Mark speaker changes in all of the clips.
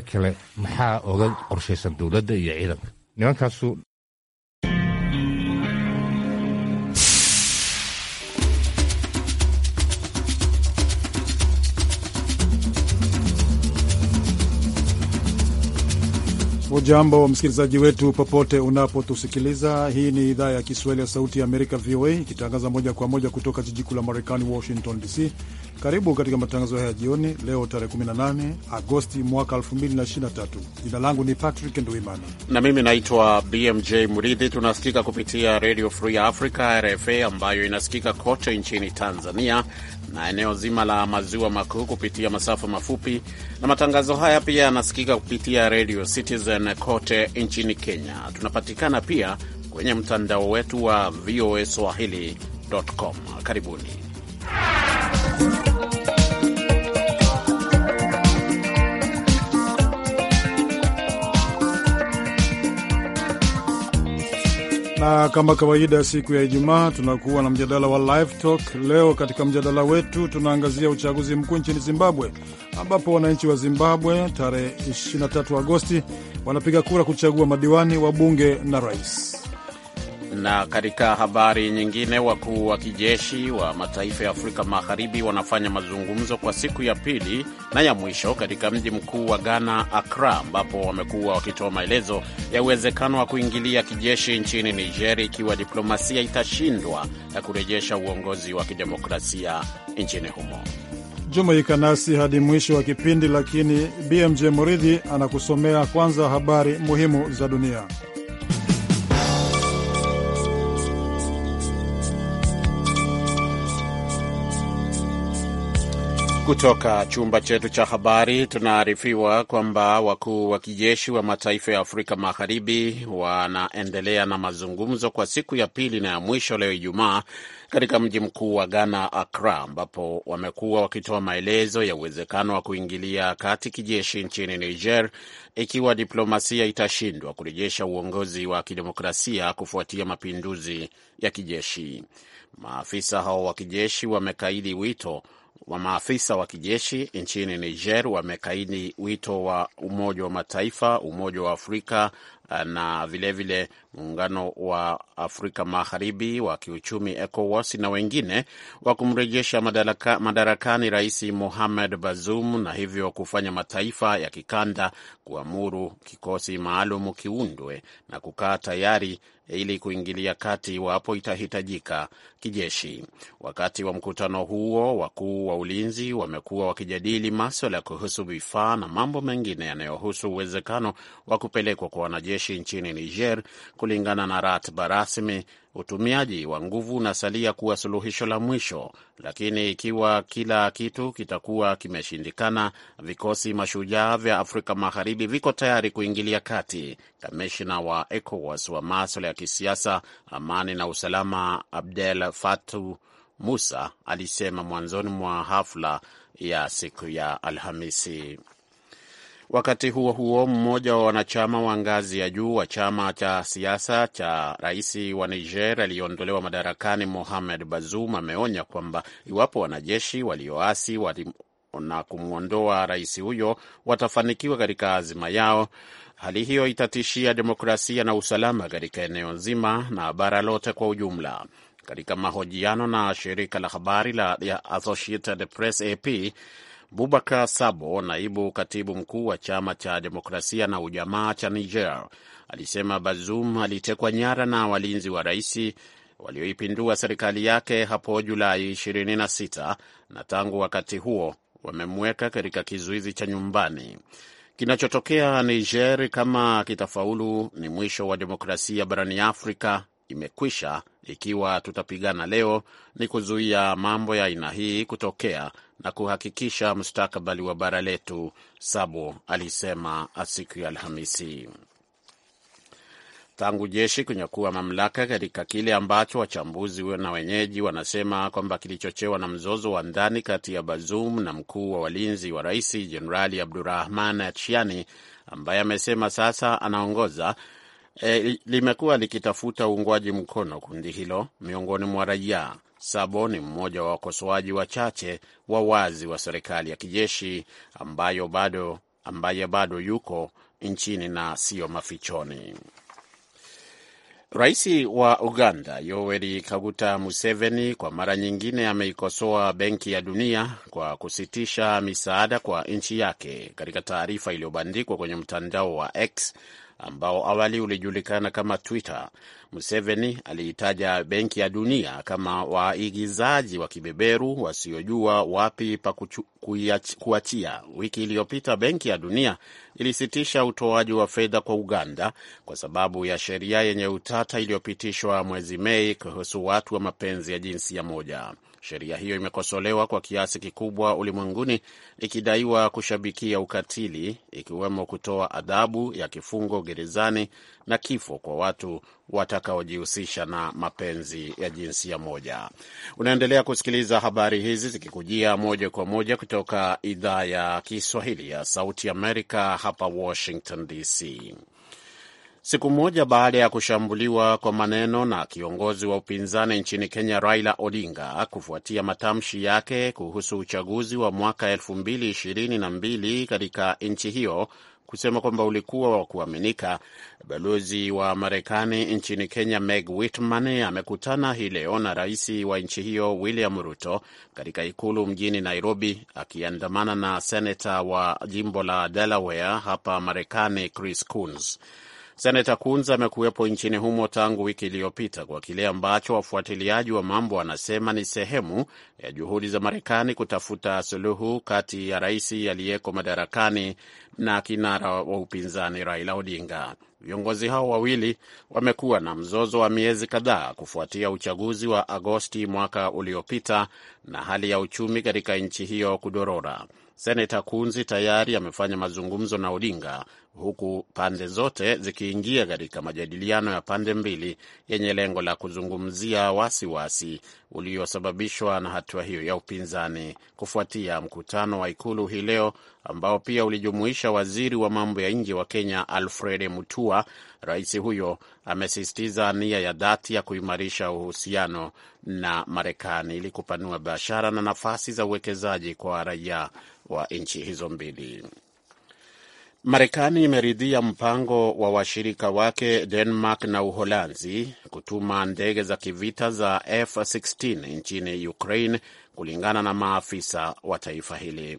Speaker 1: kale maxaa oga qorshaysan dowladda iyo ciidanka nimankaasu
Speaker 2: Ujambo msikilizaji wetu popote unapotusikiliza. Hii ni idhaa ya Kiswahili ya Sauti ya Amerika, VOA, ikitangaza moja kwa moja kutoka jiji kuu la Marekani, Washington DC. Karibu katika matangazo haya jioni leo tarehe 18 Agosti mwaka 2023. Jina langu ni Patrick Nduimana
Speaker 3: na mimi naitwa BMJ Muridhi. Tunasikika kupitia Radio Free Africa RFA ambayo inasikika kote nchini Tanzania na eneo zima la maziwa makuu kupitia masafa mafupi, na matangazo haya pia yanasikika kupitia Radio Citizen kote nchini Kenya. Tunapatikana pia kwenye mtandao wetu wa voa swahili.com. Karibuni.
Speaker 2: na kama kawaida, siku ya Ijumaa tunakuwa na mjadala wa live talk. Leo katika mjadala wetu tunaangazia uchaguzi mkuu nchini Zimbabwe, ambapo wananchi wa Zimbabwe tarehe 23 Agosti wanapiga kura kuchagua madiwani, wa bunge na rais.
Speaker 3: Na katika habari nyingine, wakuu wa kijeshi wa mataifa ya Afrika Magharibi wanafanya mazungumzo kwa siku ya pili na ya mwisho katika mji mkuu wa Ghana, Accra, ambapo wamekuwa wakitoa maelezo ya uwezekano wa kuingilia kijeshi nchini Niger ikiwa diplomasia itashindwa ya kurejesha uongozi wa kidemokrasia nchini humo.
Speaker 2: Jumuika nasi hadi mwisho wa kipindi, lakini BMJ Muridhi anakusomea kwanza habari muhimu za dunia.
Speaker 3: Kutoka chumba chetu cha habari tunaarifiwa kwamba wakuu wa kijeshi wa mataifa ya Afrika Magharibi wanaendelea na mazungumzo kwa siku ya pili na ya mwisho leo Ijumaa katika mji mkuu wa Ghana, Accra, ambapo wamekuwa wakitoa maelezo ya uwezekano wa kuingilia kati kijeshi nchini Niger ikiwa diplomasia itashindwa kurejesha uongozi wa kidemokrasia kufuatia mapinduzi ya kijeshi. Maafisa hao wa kijeshi wamekaidi wito wa maafisa wa kijeshi nchini Niger wamekaidi wito wa Umoja wa Mataifa, Umoja wa Afrika eh, na vilevile muungano wa Afrika Magharibi wa kiuchumi ECOWAS na wengine wa kumrejesha madaraka, madarakani Rais Mohamed Bazoum na hivyo kufanya mataifa ya kikanda kuamuru kikosi maalum kiundwe na kukaa tayari ili kuingilia kati iwapo itahitajika kijeshi. Wakati wa mkutano huo, wakuu wa ulinzi wamekuwa wakijadili maswala kuhusu vifaa na mambo mengine yanayohusu uwezekano wa kupelekwa kwa wanajeshi nchini Niger. Kulingana na ratiba rasmi, utumiaji wa nguvu unasalia kuwa suluhisho la mwisho, lakini ikiwa kila kitu kitakuwa kimeshindikana, vikosi mashujaa vya Afrika Magharibi viko tayari kuingilia kati. Kamishna wa ECOWAS wa maswala ya kisiasa, amani na usalama Abdel Fatu Musa alisema mwanzoni mwa hafla ya siku ya Alhamisi. Wakati huo huo, mmoja wa wanachama wa ngazi ya juu wa chama cha siasa cha rais wa Niger aliyeondolewa madarakani Mohamed Bazoum ameonya kwamba iwapo wanajeshi walioasi wali na kumwondoa rais huyo watafanikiwa katika azima yao, hali hiyo itatishia demokrasia na usalama katika eneo nzima na bara lote kwa ujumla. Katika mahojiano na shirika la habari la Associated Press AP, Bubakar Sabo, naibu katibu mkuu wa chama cha demokrasia na ujamaa cha Niger, alisema Bazoum alitekwa nyara na walinzi wa raisi walioipindua serikali yake hapo Julai 26 na tangu wakati huo wamemweka katika kizuizi cha nyumbani. Kinachotokea Niger, kama kitafaulu, ni mwisho wa demokrasia barani Afrika imekwisha. Ikiwa tutapigana leo, ni kuzuia mambo ya aina hii kutokea na kuhakikisha mustakabali wa bara letu, Sabo alisema siku ya Alhamisi. Tangu jeshi kunyakua mamlaka katika kile ambacho wachambuzi na wenyeji wanasema kwamba kilichochewa na mzozo wa ndani kati ya Bazoum na mkuu wa walinzi wa rais Jenerali Abdurahman Chiani ambaye amesema sasa anaongoza e, limekuwa likitafuta uungwaji mkono kundi hilo miongoni mwa raia. Sabo ni mmoja wa wakosoaji wachache wa wazi wa serikali ya kijeshi ambayo bado, ambaye bado yuko nchini na siyo mafichoni. Rais wa Uganda Yoweri Kaguta Museveni kwa mara nyingine ameikosoa Benki ya Dunia kwa kusitisha misaada kwa nchi yake. Katika taarifa iliyobandikwa kwenye mtandao wa X ambao awali ulijulikana kama Twitter Museveni aliitaja Benki ya Dunia kama waigizaji wa kibeberu wasiojua wapi pa kuachia. Wiki iliyopita Benki ya Dunia ilisitisha utoaji wa fedha kwa Uganda kwa sababu ya sheria yenye utata iliyopitishwa mwezi Mei kuhusu watu wa mapenzi ya jinsia moja. Sheria hiyo imekosolewa kwa kiasi kikubwa ulimwenguni, ikidaiwa kushabikia ukatili, ikiwemo kutoa adhabu ya kifungo gerezani na kifo kwa watu wata watakaojihusisha na mapenzi ya jinsia moja. Unaendelea kusikiliza habari hizi zikikujia moja kwa moja kutoka idhaa ya Kiswahili ya Sauti Amerika, hapa Washington DC. Siku moja baada ya kushambuliwa kwa maneno na kiongozi wa upinzani nchini Kenya Raila Odinga kufuatia matamshi yake kuhusu uchaguzi wa mwaka 222 katika nchi hiyo, kusema kwamba ulikuwa wa kuaminika. Balozi wa Marekani nchini Kenya Meg Whitman amekutana hii leo na rais wa nchi hiyo William Ruto katika ikulu mjini Nairobi, akiandamana na seneta wa jimbo la Delaware hapa Marekani Chris Coons. Seneta Coons amekuwepo nchini humo tangu wiki iliyopita kwa kile ambacho wafuatiliaji wa mambo wanasema ni sehemu ya juhudi za Marekani kutafuta suluhu kati ya rais aliyeko madarakani na kinara wa upinzani Raila Odinga. Viongozi hao wawili wamekuwa na mzozo wa miezi kadhaa kufuatia uchaguzi wa Agosti mwaka uliopita na hali ya uchumi katika nchi hiyo kudorora. Senata Kunzi tayari amefanya mazungumzo na Odinga, huku pande zote zikiingia katika majadiliano ya pande mbili yenye lengo la kuzungumzia wasiwasi uliosababishwa na hatua hiyo ya upinzani kufuatia mkutano wa Ikulu hii leo ambao pia ulijumuisha waziri wa mambo ya nje wa Kenya Alfred Mutua. Rais huyo amesisitiza nia ya dhati ya kuimarisha uhusiano na Marekani ili kupanua biashara na nafasi za uwekezaji kwa raia wa nchi hizo mbili. Marekani imeridhia mpango wa washirika wake Denmark na Uholanzi kutuma ndege za kivita za F16 nchini Ukraine kulingana na maafisa wa taifa hili.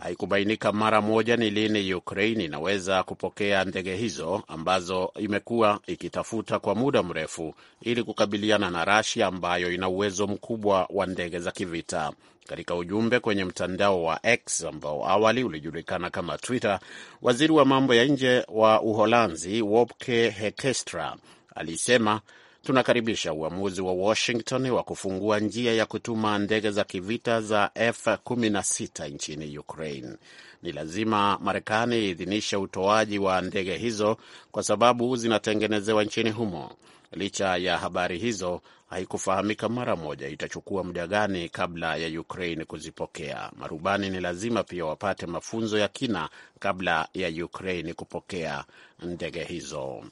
Speaker 3: Haikubainika mara moja ni lini Ukraine inaweza kupokea ndege hizo ambazo imekuwa ikitafuta kwa muda mrefu ili kukabiliana na Rasia ambayo ina uwezo mkubwa wa ndege za kivita. Katika ujumbe kwenye mtandao wa X ambao awali ulijulikana kama Twitter, waziri wa mambo ya nje wa Uholanzi Wopke hekestra alisema tunakaribisha uamuzi wa Washington wa kufungua njia ya kutuma ndege za kivita za F16 nchini Ukraine. Ni lazima Marekani iidhinishe utoaji wa ndege hizo kwa sababu zinatengenezewa nchini humo. Licha ya habari hizo, haikufahamika mara moja itachukua muda gani kabla ya Ukraine kuzipokea. Marubani ni lazima pia wapate mafunzo ya kina kabla ya Ukraine kupokea ndege hizo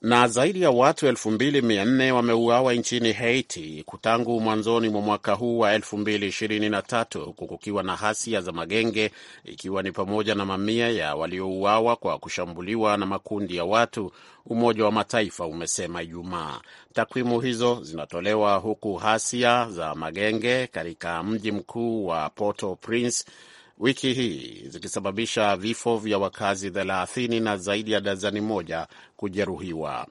Speaker 3: na zaidi ya watu 2400 wameuawa nchini Haiti tangu mwanzoni mwa mwaka huu wa 2023 huku kukiwa na hasia za magenge, ikiwa ni pamoja na mamia ya waliouawa kwa kushambuliwa na makundi ya watu, Umoja wa Mataifa umesema Ijumaa. Takwimu hizo zinatolewa huku hasia za magenge katika mji mkuu wa Port-au-Prince wiki hii zikisababisha vifo vya wakazi 30 na zaidi ya dazani moja kujeruhiwa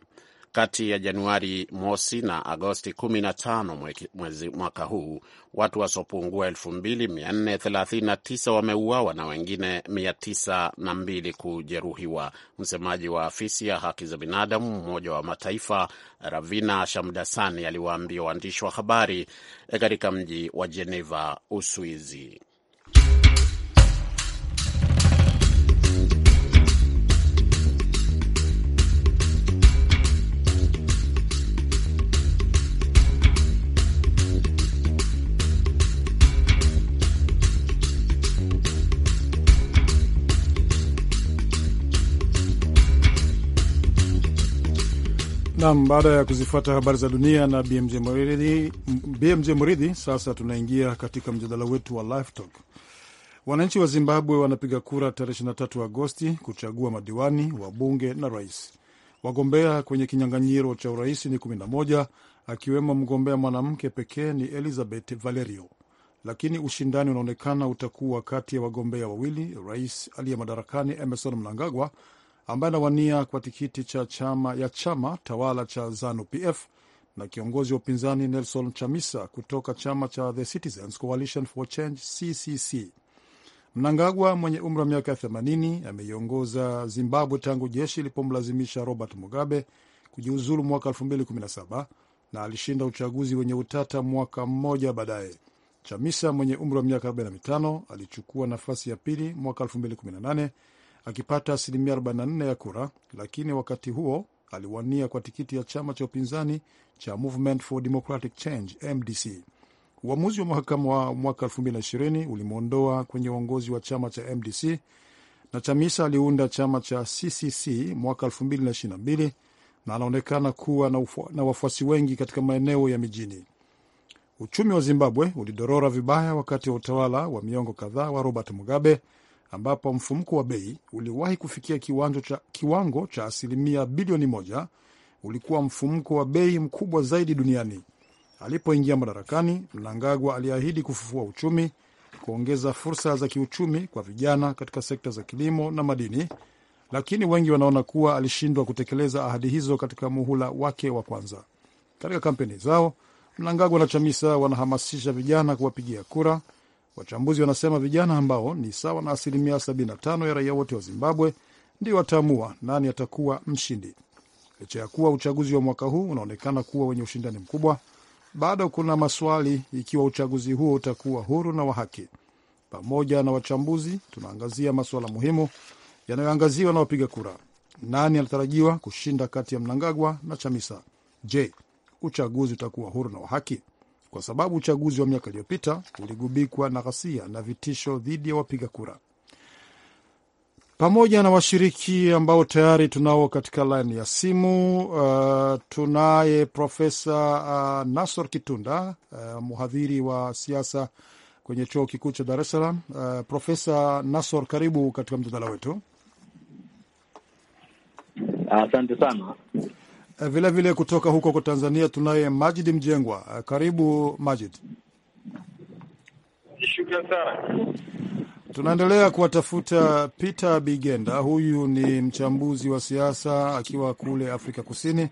Speaker 3: kati ya Januari mosi na Agosti 15 mwezi mwaka huu, watu wasiopungua 2439 wameuawa na wengine 902 kujeruhiwa. Msemaji wa afisi ya haki za binadamu Umoja wa Mataifa Ravina Shamdasani aliwaambia waandishi wa habari eh, katika mji wa Jeneva, Uswizi.
Speaker 2: Nam, baada ya kuzifuata habari za dunia na BMJ Mridhi, BMJ sasa tunaingia katika mjadala wetu wa Live Talk. Wananchi wa Zimbabwe wanapiga kura tarehe 23 Agosti kuchagua madiwani, wabunge na rais. Wagombea kwenye kinyang'anyiro cha urais ni 11 akiwemo mgombea mwanamke pekee ni Elizabeth Valerio, lakini ushindani unaonekana utakuwa kati ya wagombea wawili, rais aliye madarakani Emerson Mnangagwa ambaye anawania kwa tikiti cha chama ya chama tawala cha ZANU-PF na kiongozi wa upinzani Nelson Chamisa kutoka chama cha The Citizens Coalition for Change CCC. Mnangagwa mwenye umri wa miaka 80 ameiongoza Zimbabwe tangu jeshi ilipomlazimisha Robert Mugabe kujiuzulu mwaka 2017 na alishinda uchaguzi wenye utata mwaka mmoja baadaye. Chamisa mwenye umri wa miaka 45 alichukua nafasi ya pili mwaka akipata asilimia 44 ya kura, lakini wakati huo aliwania kwa tikiti ya chama cha upinzani cha Movement for Democratic Change MDC. Uamuzi wa mahakama wa mwaka 2020 ulimwondoa kwenye uongozi wa chama cha MDC na Chamisa aliunda chama cha CCC mwaka 2022 na anaonekana kuwa na, na wafuasi wengi katika maeneo ya mijini. Uchumi wa Zimbabwe ulidorora vibaya wakati wa utawala wa miongo kadhaa wa Robert Mugabe ambapo mfumko wa bei uliwahi kufikia kiwango cha, kiwango cha asilimia bilioni moja, ulikuwa mfumko wa bei mkubwa zaidi duniani. Alipoingia madarakani, Mnangagwa aliahidi kufufua uchumi, kuongeza fursa za kiuchumi kwa vijana katika sekta za kilimo na madini, lakini wengi wanaona kuwa alishindwa kutekeleza ahadi hizo katika muhula wake wa kwanza. Katika kampeni zao, Mnangagwa na Chamisa wanahamasisha vijana kuwapigia kura Wachambuzi wanasema vijana ambao ni sawa na asilimia 75 ya raia wote wa Zimbabwe ndio wataamua nani atakuwa mshindi. Licha ya kuwa uchaguzi wa mwaka huu unaonekana kuwa wenye ushindani mkubwa, bado kuna maswali ikiwa uchaguzi huo utakuwa huru na wa haki. Pamoja na wachambuzi, tunaangazia masuala muhimu yanayoangaziwa na wapiga kura. Nani anatarajiwa kushinda kati ya Mnangagwa na Chamisa? Je, uchaguzi utakuwa huru na wa haki? kwa sababu uchaguzi wa miaka iliyopita uligubikwa na ghasia na vitisho dhidi ya wapiga kura. Pamoja na washiriki ambao tayari tunao katika laini ya simu, uh, tunaye Profesa uh, Nasor Kitunda, uh, mhadhiri wa siasa kwenye chuo kikuu cha Dar es Salaam. Uh, Profesa Nasor, karibu katika mjadala wetu.
Speaker 4: Asante uh, sana.
Speaker 2: Vilevile eh, vile kutoka huko kwa Tanzania tunaye Majid Mjengwa. Eh, karibu Majid.
Speaker 1: Shukran sana.
Speaker 2: Tunaendelea kuwatafuta Peter Bigenda, huyu ni mchambuzi wa siasa akiwa kule Afrika Kusini.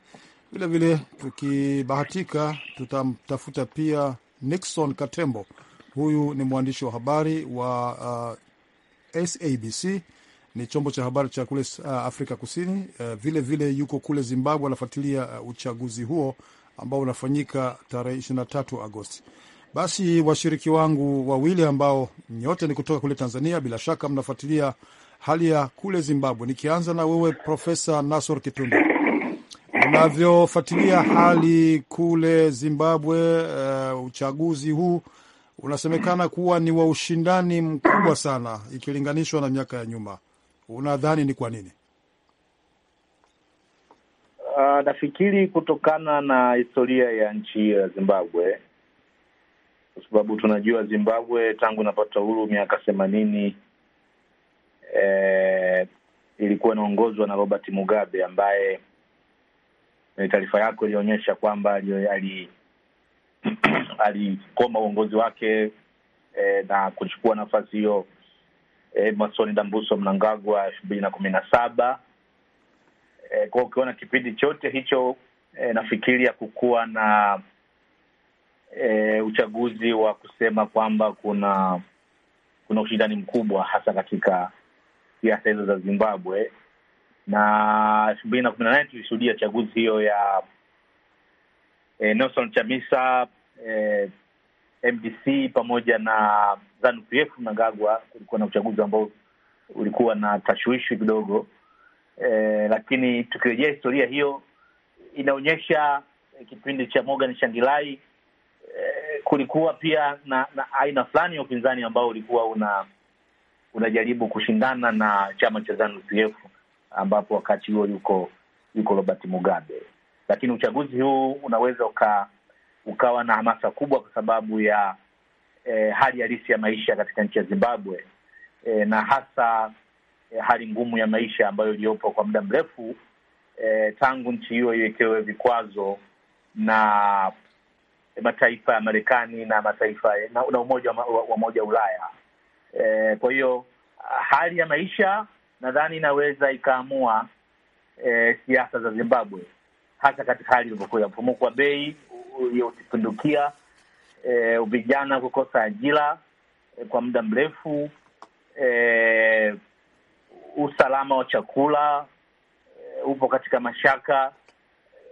Speaker 2: Vilevile tukibahatika, tutamtafuta pia Nixon Katembo, huyu ni mwandishi wa habari wa uh, SABC ni chombo cha habari cha kule uh, Afrika Kusini. Uh, vile yuko kule Zimbabwe, anafuatilia uh, uchaguzi huo ambao unafanyika tarehe 23 Agosti. Basi washiriki wangu wawili ambao nyote ni kutoka kule Tanzania, bila shaka mnafuatilia hali ya kule Zimbabwe. Nikianza na wewe Profesa Nasor Kitunda, unavyofuatilia hali kule Zimbabwe, uh, uchaguzi huu unasemekana kuwa ni wa ushindani mkubwa sana ikilinganishwa na miaka ya nyuma. Unadhani ni kwa nini?
Speaker 4: Uh, nafikiri kutokana na historia ya nchi ya Zimbabwe, kwa sababu tunajua Zimbabwe tangu inapata uhuru miaka themanini eh, ilikuwa inaongozwa na Robert Mugabe ambaye eh, taarifa yako ilionyesha kwamba ali alikoma uongozi wake eh, na kuchukua nafasi hiyo Eh, Mwasoni Dambuso Mnangagwa elfu mbili na kumi na saba. eh, kwa ukiona kipindi chote hicho eh, nafikiria kukuwa na eh, uchaguzi wa kusema kwamba kuna kuna ushindani mkubwa hasa katika siasa hizo za Zimbabwe, na elfu mbili na kumi na nane tulishuhudia chaguzi hiyo ya eh, Nelson Chamisa eh, MDC pamoja na ZANU-PF Mnangagwa, kulikuwa na uchaguzi ambao ulikuwa na tashwishi kidogo e, lakini tukirejea historia hiyo inaonyesha e, kipindi cha Morgan shangilai e, kulikuwa pia na, na aina fulani ya upinzani ambao ulikuwa una unajaribu kushindana na chama cha ZANU-PF ambapo wakati huo yuko yuko Robert Mugabe, lakini uchaguzi huu unaweza uka ukawa na hamasa kubwa kwa sababu ya e, hali halisi ya maisha katika nchi ya Zimbabwe e, na hasa e, hali ngumu ya maisha ambayo iliyopo kwa muda mrefu e, tangu nchi hiyo iwekewe vikwazo na mataifa ya Marekani na mataifa na, na umoja wa, wa umoja Ulaya e, kwa hiyo hali ya maisha nadhani inaweza ikaamua e, siasa za Zimbabwe hasa katika hali ilivyokuwa mfumuko wa bei, ya usipindukia, e, eh, vijana kukosa ajira e, kwa muda mrefu e, usalama wa chakula e, upo katika mashaka.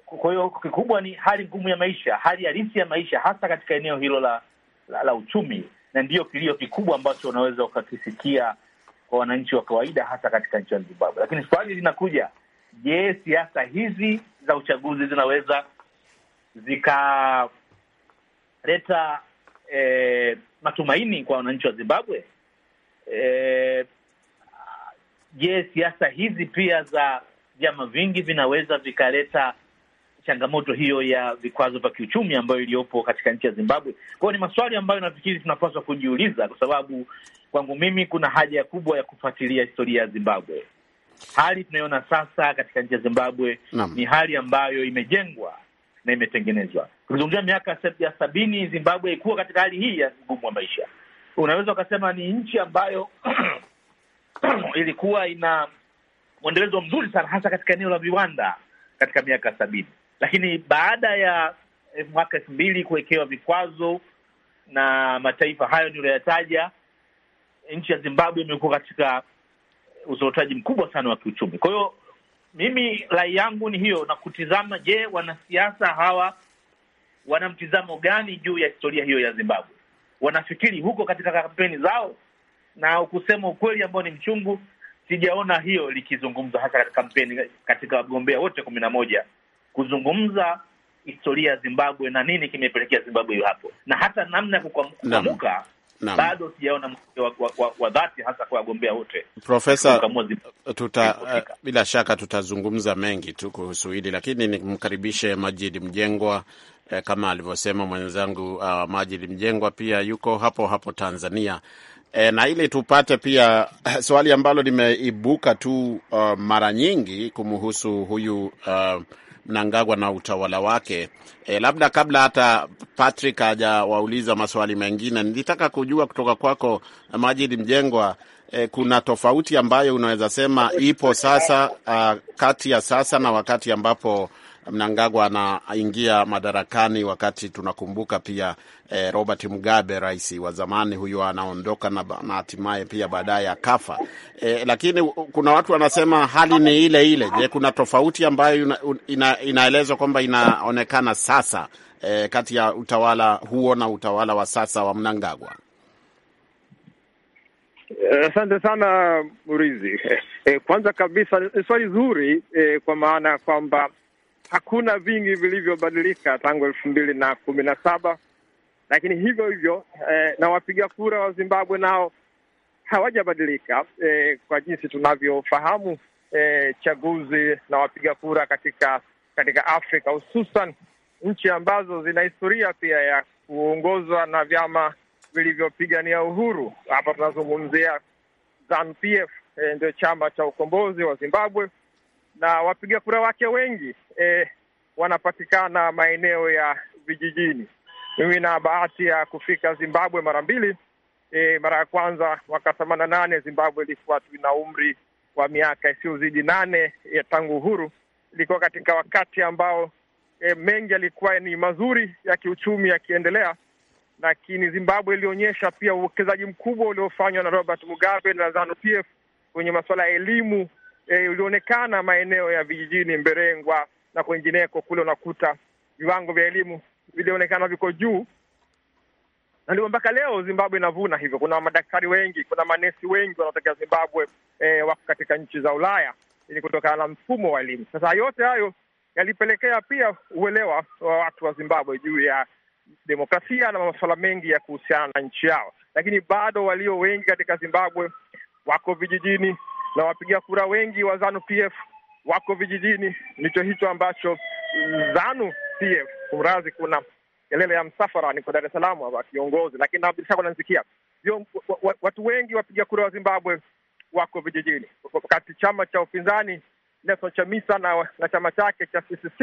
Speaker 4: Kwa hiyo kikubwa ni hali ngumu ya maisha, hali halisi ya maisha, hasa katika eneo hilo la, la, la uchumi, na ndiyo kilio kikubwa ambacho unaweza ukakisikia kwa wananchi wa kawaida, hasa katika nchi ya Zimbabwe. Lakini swali linakuja, je, siasa hizi za uchaguzi zinaweza zikaleta e, matumaini kwa wananchi wa Zimbabwe? E, je, siasa hizi pia za vyama vingi vinaweza vikaleta changamoto hiyo ya vikwazo vya kiuchumi ambayo iliyopo katika nchi ya Zimbabwe. Kwa hiyo ni maswali ambayo nafikiri tunapaswa kujiuliza, kwa sababu kwangu mimi kuna haja kubwa ya kufuatilia historia ya Zimbabwe. Hali tunayoona sasa katika nchi ya Zimbabwe Nam. ni hali ambayo imejengwa na imetengenezwa. Tukizungumzia miaka ya sabini, Zimbabwe ikuwa katika hali hii ya ugumu wa maisha. Unaweza ukasema ni nchi ambayo ilikuwa ina mwendelezo mzuri sana, hasa katika eneo la viwanda katika miaka sabini, lakini baada ya eh, mwaka elfu mbili kuwekewa vikwazo na mataifa hayo niliyoyataja, nchi ya Zimbabwe imekuwa katika eh, uzorotaji mkubwa sana wa kiuchumi. Kwa hiyo mimi rai yangu ni hiyo, na kutizama, je, wanasiasa hawa wana mtizamo gani juu ya historia hiyo ya Zimbabwe? Wanafikiri huko katika kampeni zao, na kusema ukweli ambao ni mchungu, sijaona hiyo likizungumzwa hasa katika kampeni, katika wagombea wote kumi na moja kuzungumza historia ya Zimbabwe na nini kimepelekea Zimbabwe hiyo hapo, na hata namna ya kukamuka bado sijaona mwelekeo wa, wa, wa, wa dhati hasa kwa wagombea wote. Profesa,
Speaker 3: tuta uh, bila shaka tutazungumza mengi tu kuhusu hili, lakini nimkaribishe Majid Mjengwa eh, kama alivyosema mwenzangu uh, Majid Mjengwa pia yuko hapo hapo Tanzania. E, na ili tupate pia eh, swali ambalo limeibuka tu uh, mara nyingi kumhusu huyu uh, Mnangagwa na utawala wake. E, labda kabla hata Patrick hajawauliza maswali mengine, nilitaka kujua kutoka kwako Majid Mjengwa, e, kuna tofauti ambayo unaweza sema ipo sasa, a, ah, kati ya sasa na wakati ambapo Mnangagwa anaingia madarakani wakati tunakumbuka pia eh, Robert Mugabe rais wa zamani huyo anaondoka na hatimaye pia baadaye akafa. Eh, lakini kuna watu wanasema hali ni ile ile. Je, kuna tofauti ambayo ina, ina, inaelezwa kwamba inaonekana sasa eh, kati ya utawala huo na utawala wa sasa wa Mnangagwa?
Speaker 1: Eh, asante sana Murizi. Eh, eh, kwanza kabisa ni swali zuri kwa maana ya kwamba hakuna vingi vilivyobadilika tangu elfu mbili na kumi na saba, lakini hivyo hivyo eh, na wapiga kura wa Zimbabwe nao hawajabadilika eh, kwa jinsi tunavyofahamu eh, chaguzi na wapiga kura katika katika Afrika hususan nchi ambazo zina historia pia ya kuongozwa na vyama vilivyopigania uhuru. Hapa tunazungumzia ZANU PF, eh, ndio chama cha ukombozi wa Zimbabwe, na wapiga kura wake wengi eh, wanapatikana maeneo ya vijijini. Mimi na bahati ya kufika Zimbabwe mara mbili. E, mara ya kwanza mwaka themanini na nane Zimbabwe ilikuwa tu na umri wa miaka isiyozidi nane ya e, tangu uhuru. Ilikuwa katika wakati ambao e, mengi yalikuwa ni mazuri ya kiuchumi yakiendelea, lakini Zimbabwe ilionyesha pia uwekezaji mkubwa uliofanywa na Robert Mugabe na ZANU PF kwenye masuala ya elimu eh, ulionekana maeneo ya vijijini Mberengwa na kwengineko kule, unakuta viwango vya elimu vilionekana viko juu, na ndio mpaka leo Zimbabwe inavuna hivyo. Kuna madaktari wengi, kuna manesi wengi wanaotokea Zimbabwe eh, wako katika nchi za Ulaya. ili kutokana na mfumo wa elimu. Sasa yote hayo yalipelekea pia uelewa wa watu wa Zimbabwe juu ya demokrasia na masuala mengi ya kuhusiana na nchi yao, lakini bado walio wengi katika Zimbabwe wako vijijini, na wapiga kura wengi wa Zanu PF wako vijijini. Ndicho hicho ambacho mm, Zanu PF kumrazi, kuna kelele ya msafara, niko Dar es Salaam hapa kiongozi, lakini nabirisha wananisikia watu wengi wapiga kura wa Zimbabwe wako vijijini, wakati chama cha upinzani Nelson Chamisa na, na chama chake cha CCC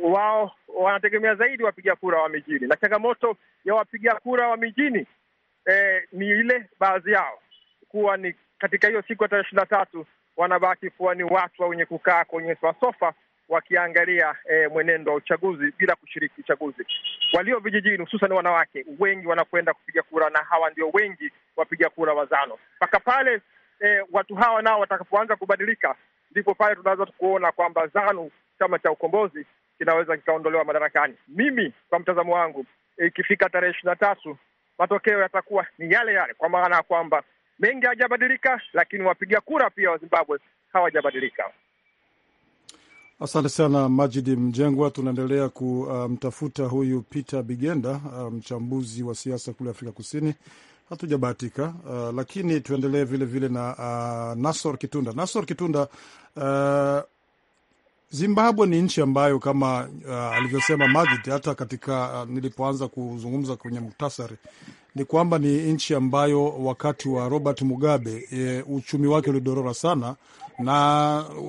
Speaker 1: uh, wao wanategemea zaidi wapiga kura wa mijini, na changamoto ya wapiga kura wa mijini eh, ni ile baadhi yao kuwa ni katika hiyo siku ya tarehe ishirini na tatu wanabaki kuwa ni watu wenye kukaa kwenye sofasofa wakiangalia e, mwenendo wa uchaguzi bila kushiriki uchaguzi. Walio vijijini, hususan wanawake, wengi wanakwenda kupiga kura, na hawa ndio wengi wapiga kura wazano Mpaka pale e, watu hawa nao watakapoanza kubadilika, ndipo pale tunaweza kuona kwamba Zanu, chama cha ukombozi, kinaweza kikaondolewa madarakani. Mimi kwa mtazamo wangu, ikifika e, tarehe ishirini na tatu matokeo yatakuwa ni yale yale, kwa maana ya kwamba mengi hajabadilika, lakini wapiga kura pia wa Zimbabwe hawajabadilika.
Speaker 2: Asante sana Majidi Mjengwa. Tunaendelea kumtafuta um, huyu Peter Bigenda uh, mchambuzi um, wa siasa kule Afrika Kusini. Hatujabahatika uh, lakini tuendelee vile vile na uh, Nasor Kitunda. Nasor Kitunda, uh, Zimbabwe ni nchi ambayo kama uh, alivyosema Majid, hata katika uh, nilipoanza kuzungumza kwenye muktasari ni kwamba ni nchi ambayo wakati wa Robert Mugabe e, uchumi wake ulidorora sana, na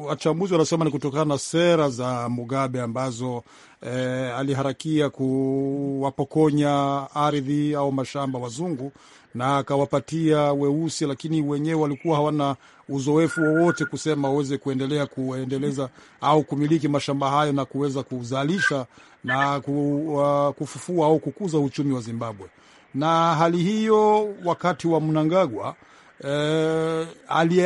Speaker 2: wachambuzi wanasema ni kutokana na sera za Mugabe ambazo e, aliharakia kuwapokonya ardhi au mashamba wazungu na akawapatia weusi, lakini wenyewe walikuwa hawana uzoefu wowote kusema waweze kuendelea kuendeleza au kumiliki mashamba hayo na kuweza kuzalisha na uh, kufufua au kukuza uchumi wa Zimbabwe na hali hiyo wakati wa Mnangagwa eh,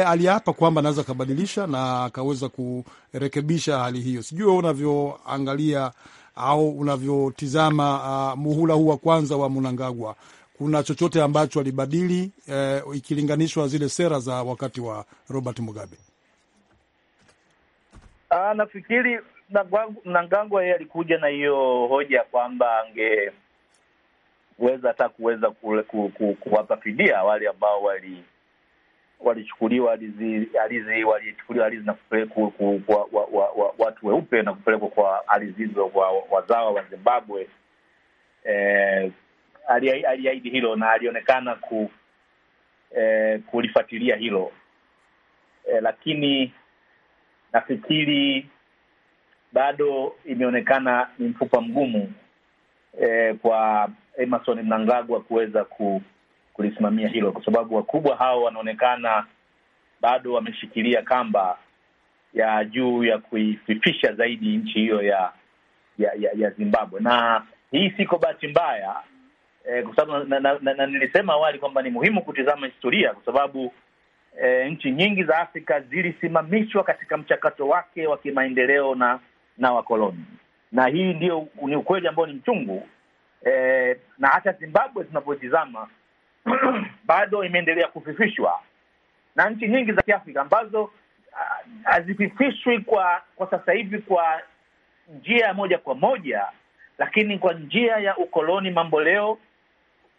Speaker 2: aliapa kwamba anaweza akabadilisha na akaweza kurekebisha hali hiyo. Sijui unavyoangalia au unavyotizama uh, muhula huu wa kwanza wa Mnangagwa, kuna chochote ambacho alibadili eh, ikilinganishwa zile sera za wakati wa Robert Mugabe?
Speaker 4: Aa, ah, nafikiri Mnangagwa yeye alikuja na hiyo hoja kwamba ange kuweza hata kuweza kuwapa fidia wale ambao wali walichukuliwa ardhi walichukuliwa ardhi na kupelekwa wa, wa, wa, watu weupe na kupelekwa kwa ardhi hizo kwa wazawa wa Zimbabwe. Eh, aliahidi hilo na alionekana ku eh, kulifuatilia hilo eh, lakini nafikiri bado imeonekana ni mfupa mgumu eh, kwa Emerson Mnangagwa kuweza ku, kulisimamia hilo, kwa sababu wakubwa hao wanaonekana bado wameshikilia kamba ya juu ya kuififisha zaidi nchi hiyo ya ya, ya ya Zimbabwe, na hii siko bahati mbaya eh, kwa sababu na, na, na, na nilisema awali kwamba ni muhimu kutizama historia kwa sababu eh, nchi nyingi za Afrika zilisimamishwa katika mchakato wake wa kimaendeleo na na wakoloni, na hii ndio ni ukweli ambao ni mchungu eh, na hata Zimbabwe tunapotizama bado imeendelea kufifishwa na nchi nyingi za Kiafrika ambazo hazififishwi kwa kwa sasa hivi kwa njia ya moja kwa moja, lakini kwa njia ya ukoloni mamboleo,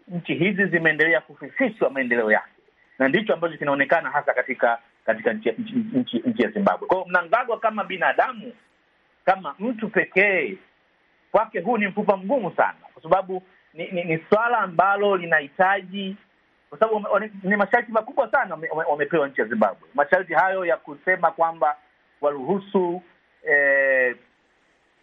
Speaker 4: nchi hizi zimeendelea kufifishwa maendeleo yake, na ndicho ambacho kinaonekana hasa katika katika nchi, nchi, nchi, nchi ya Zimbabwe. Kwa hiyo Mnangagwa kama binadamu, kama mtu pekee kwake huu ni mfupa mgumu sana, kwa sababu ni, ni, ni swala ambalo linahitaji kwa sababu ni masharti makubwa sana wamepewa nchi ya Zimbabwe. Masharti hayo ya kusema kwamba waruhusu eh,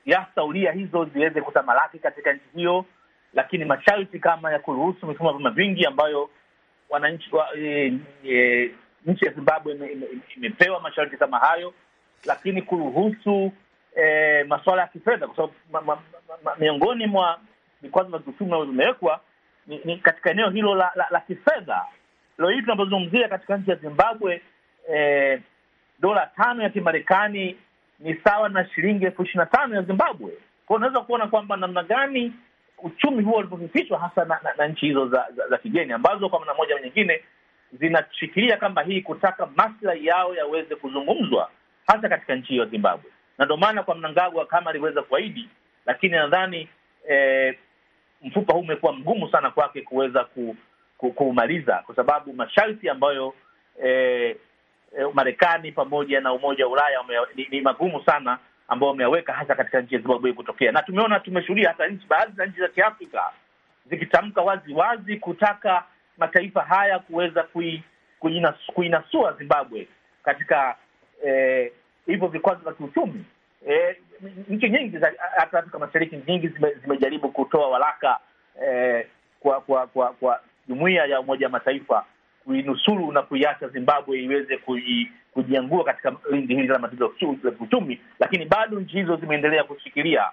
Speaker 4: yahsa ulia hizo ziweze kutamalaki katika nchi hiyo, lakini masharti kama ya kuruhusu mifumo ya vyama vingi ambayo wananchi e, e, nchi ya Zimbabwe imepewa masharti kama hayo, lakini
Speaker 5: kuruhusu
Speaker 4: eh, masuala ya kifedha, kwa sababu miongoni mwa vikwazo vya kiuchumi navyo vimewekwa ni, ni katika eneo hilo la, la, la kifedha. Leo hii tunapozungumzia katika nchi ya Zimbabwe eh, dola tano ya Kimarekani ni sawa na shilingi elfu ishirini na tano ya Zimbabwe. Kwa hiyo unaweza kuona kwamba namna gani uchumi huo ulivyofifishwa hasa na, na, na nchi hizo za, za, za kigeni ambazo kwa namna moja nyingine zinashikilia kamba hii kutaka maslahi yao yaweze kuzungumzwa hasa katika nchi hiyo Zimbabwe na ndio maana kwa Mnangagwa kama aliweza kuahidi, lakini nadhani eh, mfupa huu umekuwa mgumu sana kwake kuweza kuumaliza kwa sababu masharti ambayo eh, eh, Marekani pamoja na Umoja wa Ulaya umea, ni, ni magumu sana ambayo wameyaweka hasa katika nchi ya Zimbabwe kutokea, na tumeona tumeshuhudia hata nchi baadhi za nchi za Kiafrika zikitamka wazi wazi kutaka mataifa haya kuweza kuinasua Zimbabwe katika eh, hivyo vikwazo vya kiuchumi. E, nchi nyingi za hata Afrika Mashariki nyingi zime, zimejaribu kutoa waraka e, kwa kwa kwa kwa jumuiya ya Umoja wa Mataifa kuinusuru na kuiacha Zimbabwe iweze kujiangua katika lindi hili la matatizo ya kiuchumi, lakini bado nchi hizo zimeendelea kushikilia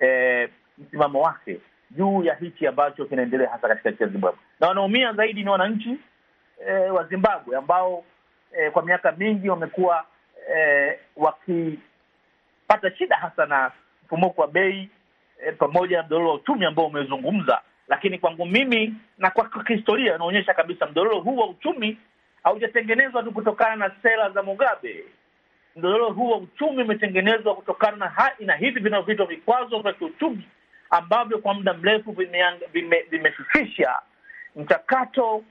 Speaker 4: e, msimamo wake juu ya hichi ambacho kinaendelea hasa katika nchi ya Zimbabwe, na wanaumia zaidi ni wananchi e, wa Zimbabwe ambao e, kwa miaka mingi wamekuwa eh, wakipata shida hasa na mfumuko wa bei eh, pamoja na mdororo wa uchumi ambao umezungumza. Lakini kwangu mimi na kwa kihistoria inaonyesha kabisa mdororo huu wa uchumi haujatengenezwa tu kutokana na sera za Mugabe. Mdororo huu wa uchumi umetengenezwa kutokana na hai na hivi vinavyoitwa vikwazo vya kiuchumi ambavyo kwa muda mrefu vimefikisha mchakato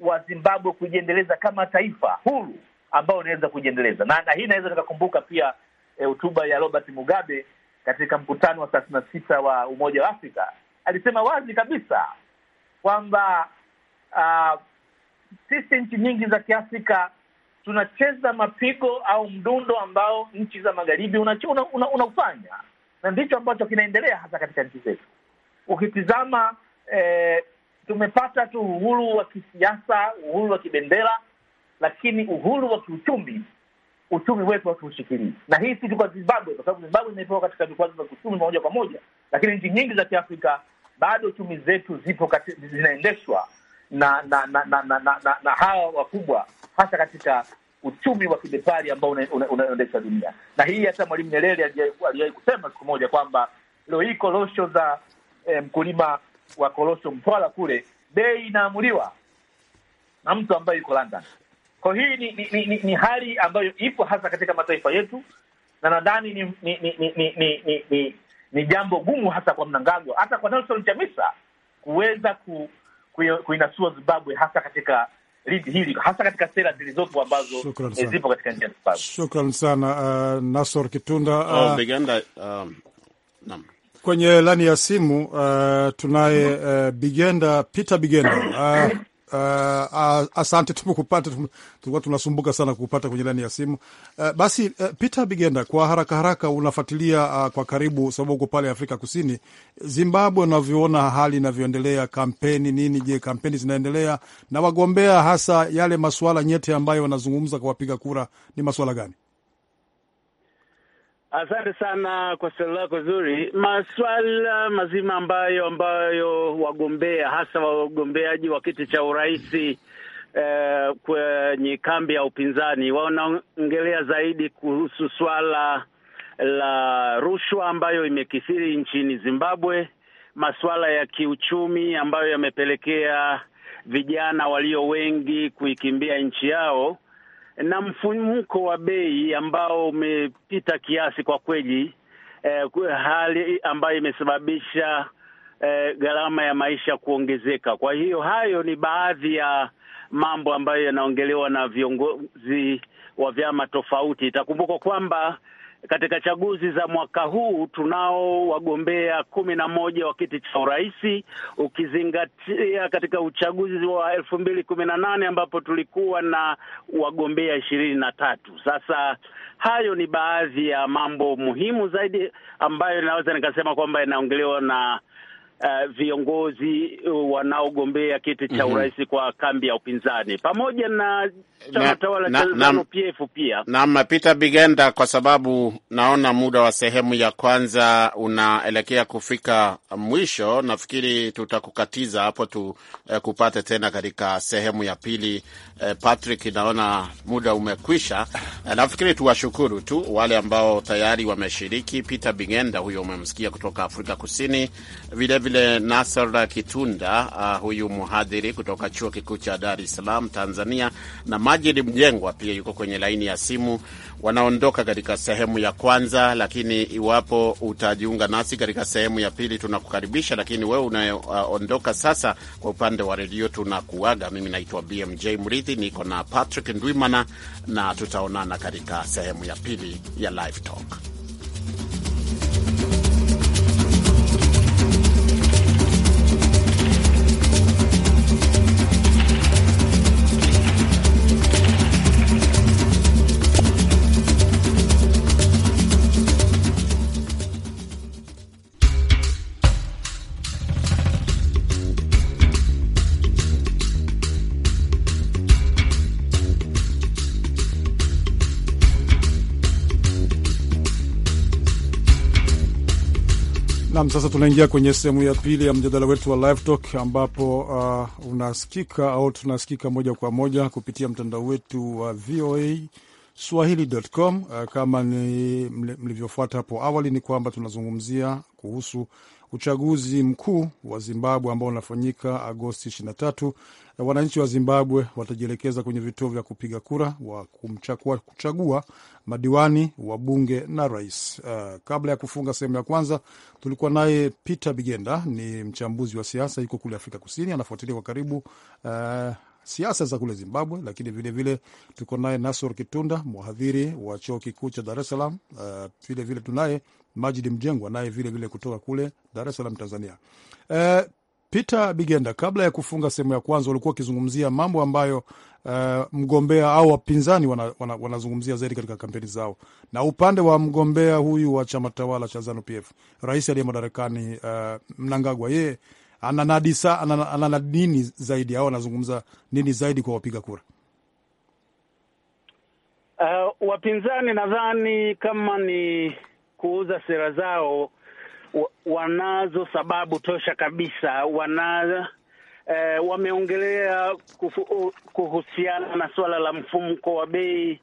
Speaker 4: wa Zimbabwe kujiendeleza kama taifa huru ambao unaweza kujiendeleza na, na hii naweza nikakumbuka pia e, hotuba e, ya Robert Mugabe katika mkutano wa thelathini na sita wa Umoja wa Afrika alisema wazi kabisa kwamba uh, sisi nchi nyingi za Kiafrika tunacheza mapigo au mdundo ambao nchi za magharibi unaufanya una, una na ndicho ambacho kinaendelea hasa katika nchi zetu. Ukitizama eh, tumepata tu uhuru wa kisiasa, uhuru wa kibendera, lakini uhuru wa kiuchumi, uchumi wetu hatuushikilia. Na hii si tu kwa Zimbabwe, kwa sababu Zimbabwe imepewa katika vikwazo vya kiuchumi moja kwa moja, lakini nchi nyingi za Kiafrika bado uchumi zetu zipo zinaendeshwa na na na, na, na, na, na, na hawa wakubwa, hasa katika uchumi wa kibepari ambao unaendeshwa dunia. Na hii hata Mwalimu Nyerere aliwahi kusema siku moja kwamba leo hii korosho za eh, mkulima wa korosho Mtwara kule bei inaamuliwa na mtu ambaye yuko London. Kwa hii ni, ni, ni, ni, ni hali ambayo ipo hasa katika mataifa yetu, na nadhani ni ni ni ni, ni, ni, ni, ni ni jambo gumu hasa kwa Mnangagwa hata kwa Nelson Chamisa kuweza ku, ku, kuinasua Zimbabwe hasa
Speaker 3: katika ligi hili hasa katika sera zilizopo ambazo zipo katika nchi ya
Speaker 2: Zimbabwe. Shukran sana uh, Nasor Kitunda uh,
Speaker 3: oh, um,
Speaker 2: kwenye lani ya simu uh, tunaye uh, Bigenda Peter Bigenda uh, Uh, uh, asante, tumekupata. Tulikuwa tunasumbuka sana kukupata kwenye laini ya simu. Uh, basi uh, Peter Bigenda, kwa haraka haraka unafuatilia uh, kwa karibu, sababu uko pale Afrika Kusini, Zimbabwe, unavyoona hali inavyoendelea, kampeni nini? Je, kampeni zinaendelea na wagombea, hasa yale masuala nyete ambayo wanazungumza kwa wapiga kura ni masuala gani?
Speaker 5: Asante sana kwa swali lako zuri. Maswala mazima ambayo ambayo wagombea hasa wagombeaji wa kiti cha urais eh, kwenye kambi ya upinzani wanaongelea zaidi kuhusu swala la rushwa ambayo imekithiri nchini Zimbabwe, masuala ya kiuchumi ambayo yamepelekea vijana walio wengi kuikimbia nchi yao na mfumuko wa bei ambao umepita kiasi kwa kweli, eh, hali ambayo imesababisha eh, gharama ya maisha kuongezeka. Kwa hiyo hayo ni baadhi ya mambo ambayo yanaongelewa na viongozi wa vyama tofauti. Itakumbukwa kwamba katika chaguzi za mwaka huu tunao wagombea kumi na moja wa kiti cha urais, ukizingatia katika uchaguzi wa elfu mbili kumi na nane ambapo tulikuwa na wagombea ishirini na tatu. Sasa hayo ni baadhi ya mambo muhimu zaidi ambayo inaweza nikasema kwamba yanaongelewa na uh, viongozi wanaogombea kiti cha mhm. urais mm -hmm. kwa kambi ya upinzani pamoja na chama tawala cha ZANU PF pia.
Speaker 3: Naam, Peter Bigenda, kwa sababu naona muda wa sehemu ya kwanza unaelekea kufika mwisho, nafikiri tutakukatiza hapo tu eh, kupate tena katika sehemu ya pili. Eh, Patrick, naona muda umekwisha. Eh, nafikiri tuwashukuru tu wale ambao tayari wameshiriki. Peter Bigenda huyo umemsikia kutoka Afrika Kusini vile vilevile Nasr Kitunda, uh, huyu mhadhiri kutoka chuo kikuu cha Dar es Salaam Tanzania, na Majid Mjengwa pia yuko kwenye laini ya simu. Wanaondoka katika sehemu ya kwanza, lakini iwapo utajiunga nasi katika sehemu ya pili tunakukaribisha. Lakini wewe unaondoka uh, sasa, kwa upande wa redio tunakuaga. Mimi naitwa BMJ Mridhi, niko na Patrick Ndwimana na tutaonana katika sehemu ya pili ya Live Talk.
Speaker 2: Naam, sasa tunaingia kwenye sehemu ya pili ya mjadala wetu wa Live Talk ambapo uh, unasikika au tunasikika moja kwa moja kupitia mtandao wetu wa VOA swahili.com. Uh, kama mlivyofuata hapo awali ni kwamba tunazungumzia kuhusu uchaguzi mkuu wa Zimbabwe ambao unafanyika Agosti 23, wananchi wa Zimbabwe watajielekeza kwenye vituo vya kupiga kura wa kumchakua, kuchagua madiwani wa bunge na rais. Uh, kabla ya kufunga sehemu ya kwanza tulikuwa naye Peter Bigenda, ni mchambuzi wa siasa, yuko kule Afrika Kusini, anafuatilia kwa karibu uh, siasa za kule Zimbabwe, lakini vilevile tuko naye Nasor Kitunda, mhadhiri wa chuo kikuu cha Dar es Salaam. Vilevile uh, tunaye Majidi Mjengwa naye vilevile kutoka kule Dar es Salaam, Tanzania. E, Peter Bigenda, kabla ya kufunga sehemu ya kwanza, ulikuwa ukizungumzia mambo ambayo e, mgombea au wapinzani wanazungumzia wana, wana zaidi katika kampeni zao, na upande wa mgombea huyu wa chama tawala cha Zanu PF, rais aliye madarakani e, Mnangagwa, yeye ananadisa anana nini zaidi au anazungumza nini zaidi kwa wapiga kura?
Speaker 5: Uh, wapinzani nadhani kama ni kuuza sera zao wanazo sababu tosha kabisa wana eh, wameongelea kuhusiana na suala la mfumko wa bei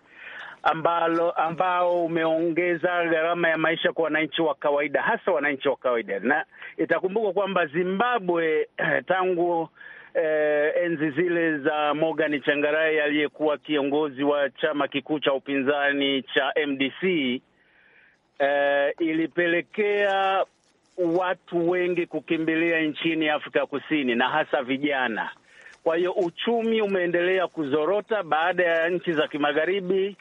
Speaker 5: ambalo ambao umeongeza gharama ya maisha kwa wananchi wa kawaida, hasa wananchi wa kawaida. Na itakumbukwa kwamba Zimbabwe eh, tangu eh, enzi zile za Morgan Changarai aliyekuwa kiongozi wa chama kikuu cha upinzani cha MDC eh, ilipelekea watu wengi kukimbilia nchini Afrika Kusini na hasa vijana. Kwa hiyo uchumi umeendelea kuzorota baada ya nchi za kimagharibi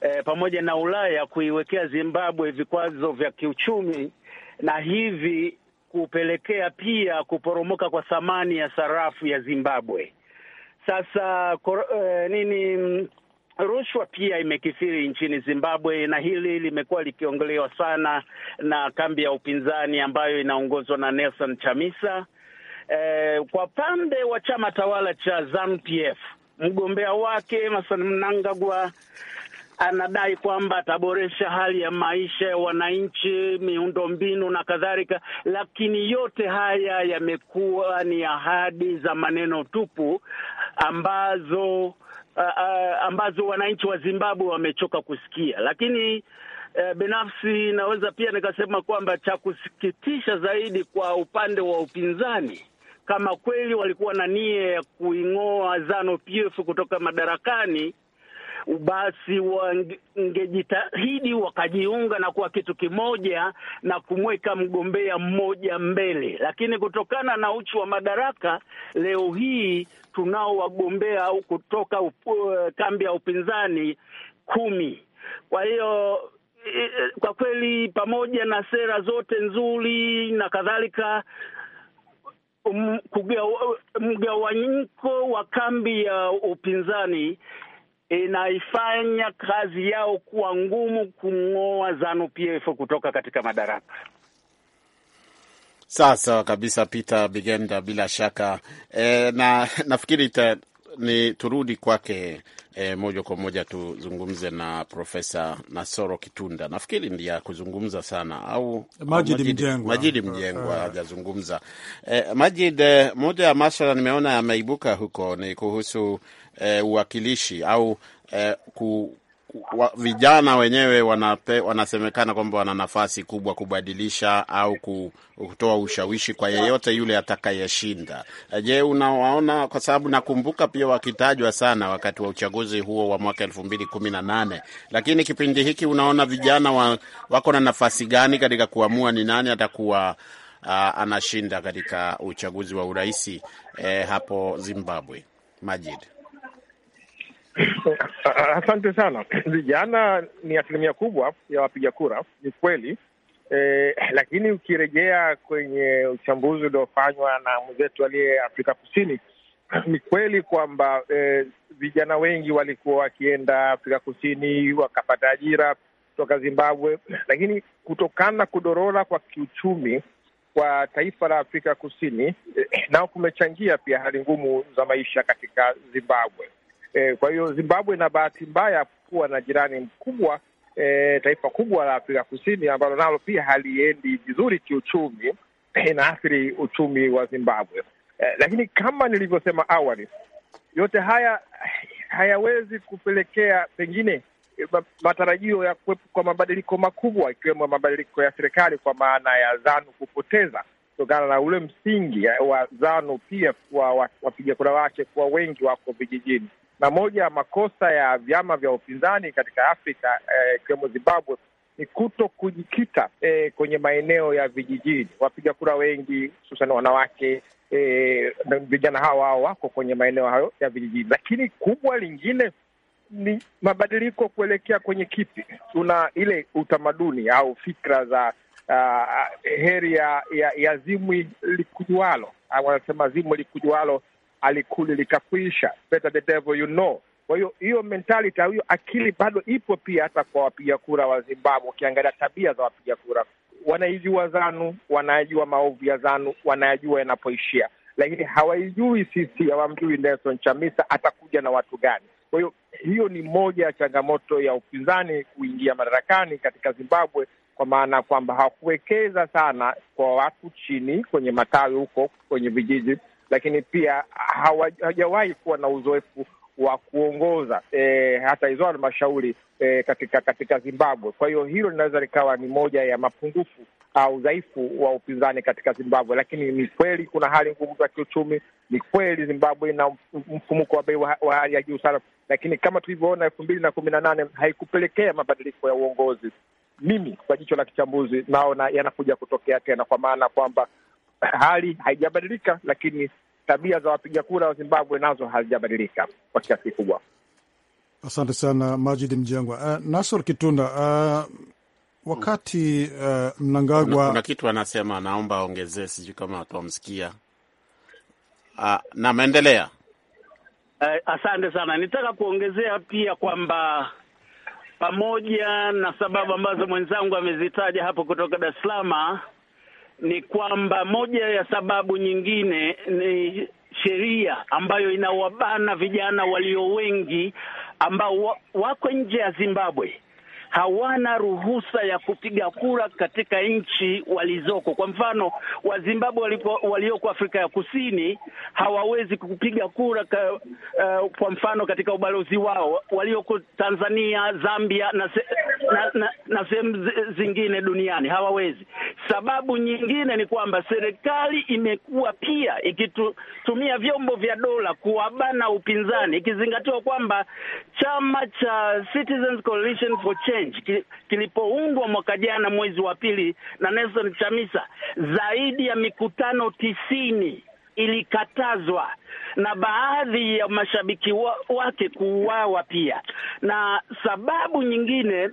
Speaker 5: eh, pamoja na Ulaya kuiwekea Zimbabwe vikwazo vya kiuchumi na hivi kupelekea pia kuporomoka kwa thamani ya sarafu ya Zimbabwe. Sasa kor, eh, nini Rushwa pia imekithiri nchini Zimbabwe, na hili limekuwa likiongelewa sana na kambi ya upinzani ambayo inaongozwa na Nelson Chamisa. Eh, kwa pande wa chama tawala cha ZANU-PF mgombea wake Emmerson Mnangagwa anadai kwamba ataboresha hali ya maisha ya wananchi, miundo mbinu na kadhalika, lakini yote haya yamekuwa ni ahadi za maneno tupu ambazo uh, uh, ambazo wananchi wa Zimbabwe wamechoka kusikia, lakini uh, binafsi naweza pia nikasema kwamba cha kusikitisha zaidi kwa upande wa upinzani kama kweli walikuwa na nia ya kuing'oa Zanu PF kutoka madarakani basi wangejitahidi wakajiunga na kuwa kitu kimoja na kumweka mgombea mmoja mbele, lakini kutokana na uchu wa madaraka, leo hii tunao wagombea au kutoka upu, uh, kambi ya upinzani kumi. Kwa hiyo eh, eh, kwa kweli, pamoja na sera zote nzuri na kadhalika mgawanyiko wa kambi ya upinzani inaifanya kazi yao kuwa ngumu kungoa Zanu PF kutoka katika madaraka.
Speaker 3: Sawa sawa kabisa, Peter Bigenda, bila shaka e, na nafikiri ni turudi kwake e, moja kwa moja tuzungumze na Profesa Nasoro Kitunda. Nafikiri ndiye kuzungumza sana au Majid Mjengwa, Majid Mjengwa eh. hajazungumza. E, Majid, moja ya maswala nimeona yameibuka huko ni kuhusu e, uwakilishi au e, ku, wa, vijana wenyewe wanape, wanasemekana kwamba wana nafasi kubwa kubadilisha au kutoa ushawishi kwa yeyote yule atakayeshinda. Je, unawaona? Kwa sababu nakumbuka pia wakitajwa sana wakati wa uchaguzi huo wa mwaka elfu mbili kumi na nane, lakini kipindi hiki unaona vijana wa, wako na nafasi gani katika kuamua ni nani atakuwa uh, anashinda katika uchaguzi wa urahisi eh, hapo Zimbabwe, Majid?
Speaker 1: Asante sana. Vijana ni asilimia kubwa ya wapiga kura, ni kweli eh, lakini ukirejea kwenye uchambuzi uliofanywa na mwenzetu aliye Afrika Kusini, ni kweli kwamba eh, vijana wengi walikuwa wakienda Afrika Kusini wakapata ajira kutoka Zimbabwe, lakini kutokana na kudorora kwa kiuchumi kwa taifa la Afrika Kusini eh, nao kumechangia pia hali ngumu za maisha katika Zimbabwe. E, kwa hiyo Zimbabwe ina bahati mbaya kuwa na jirani mkubwa e, taifa kubwa la Afrika Kusini ambalo nalo pia haliendi vizuri kiuchumi, inaathiri eh, uchumi wa Zimbabwe e, lakini kama nilivyosema awali, yote haya hayawezi kupelekea pengine matarajio ya kuwepo kwa mabadiliko makubwa ikiwemo mabadiliko ya serikali kwa maana ya ZANU kupoteza kutokana na ule msingi wa ZANU pia kuwa wapiga kura wake kuwa wengi wako vijijini na moja ya makosa ya vyama vya upinzani katika Afrika eh, ikiwemo eh, Zimbabwe ni kuto kujikita eh, kwenye maeneo ya vijijini. Wapiga kura wengi hususan wanawake eh, vijana hawa hao wako kwenye maeneo hayo ya vijijini, lakini kubwa lingine ni mabadiliko kuelekea kwenye kipi, tuna ile utamaduni au fikra za uh, heri ya, ya, ya zimwi likujualo, ah, wanasema zimwi likujualo alikuli likakwisha, better the devil you know. Kwa hiyo hiyo mentality au hiyo akili bado ipo pia hata kwa wapiga kura wa Zimbabwe. Ukiangalia tabia za wapiga kura, wanaijua ZANU, wanayajua maovu ya ZANU, wanayajua yanapoishia, lakini hawaijui sisi, hawamjui Nelson Chamisa atakuja na watu gani. Kwa hiyo hiyo ni moja ya changamoto ya upinzani kuingia madarakani katika Zimbabwe, kwa maana ya kwamba hawakuwekeza sana kwa watu chini kwenye matawi huko kwenye vijiji lakini pia hawajawahi kuwa na uzoefu wa kuongoza e, hata hizo halmashauri e, katika katika Zimbabwe. Kwa hiyo hilo linaweza likawa ni moja ya mapungufu au udhaifu wa upinzani katika Zimbabwe, lakini ni kweli kuna hali ngumu za kiuchumi. Ni kweli Zimbabwe ina mfumuko wa bei wa hali ya juu sana, lakini kama tulivyoona elfu mbili na kumi na nane haikupelekea mabadiliko ya uongozi. Mimi kwa jicho la kichambuzi naona yanakuja kutokea tena, kwa maana kwamba hali haijabadilika, lakini tabia za wapiga kura wa Zimbabwe nazo hazijabadilika kwa kiasi kikubwa.
Speaker 2: Asante sana Majid Mjengwa. Uh, eh, Nasor Kitunda, uh, wakati uh, Mnangagwa, kuna
Speaker 3: kitu anasema, naomba aongezee, sijui kama watamsikia. Uh, ah, na maendelea.
Speaker 5: Uh, asante sana, nitaka kuongezea pia kwamba pamoja na sababu ambazo mwenzangu amezitaja hapo kutoka Dar es Salaam ni kwamba moja ya sababu nyingine ni sheria ambayo inawabana vijana walio wengi ambao wako nje ya Zimbabwe hawana ruhusa ya kupiga kura katika nchi walizoko. Kwa mfano, Wazimbabwe walioko Afrika ya Kusini hawawezi kupiga kura ka, uh, kwa mfano katika ubalozi wao, walioko Tanzania, Zambia na, se, na, na, na sehemu zingine duniani hawawezi. Sababu nyingine ni kwamba serikali imekuwa pia ikitumia vyombo vya dola kuwabana upinzani, ikizingatiwa kwamba chama cha Citizens Coalition for Change change kilipoundwa mwaka jana mwezi wa pili na Nelson Chamisa, zaidi ya mikutano tisini ilikatazwa na baadhi ya mashabiki wa, wake kuuawa pia. Na sababu nyingine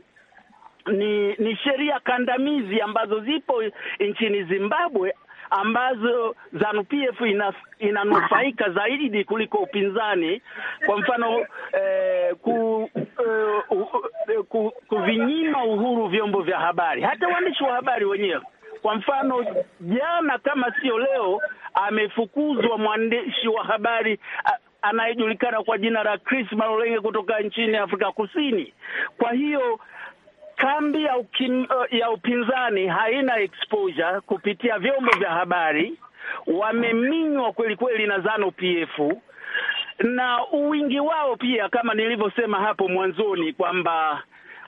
Speaker 5: ni, ni sheria kandamizi ambazo zipo nchini Zimbabwe ambazo ZANU-PF ina, inanufaika zaidi kuliko upinzani. Kwa mfano eh, ku, eh, uh, ku, kuvinyima uhuru vyombo vya habari, hata waandishi wa habari wenyewe. Kwa mfano jana, kama sio leo, amefukuzwa mwandishi wa habari anayejulikana kwa jina la Chris Malolenge kutoka nchini Afrika Kusini. Kwa hiyo kambi ya, ukin, eh, ya upinzani haina exposure kupitia vyombo vya habari, wameminywa kweli kweli na Zanu PF na uwingi wao pia, kama nilivyosema hapo mwanzoni kwamba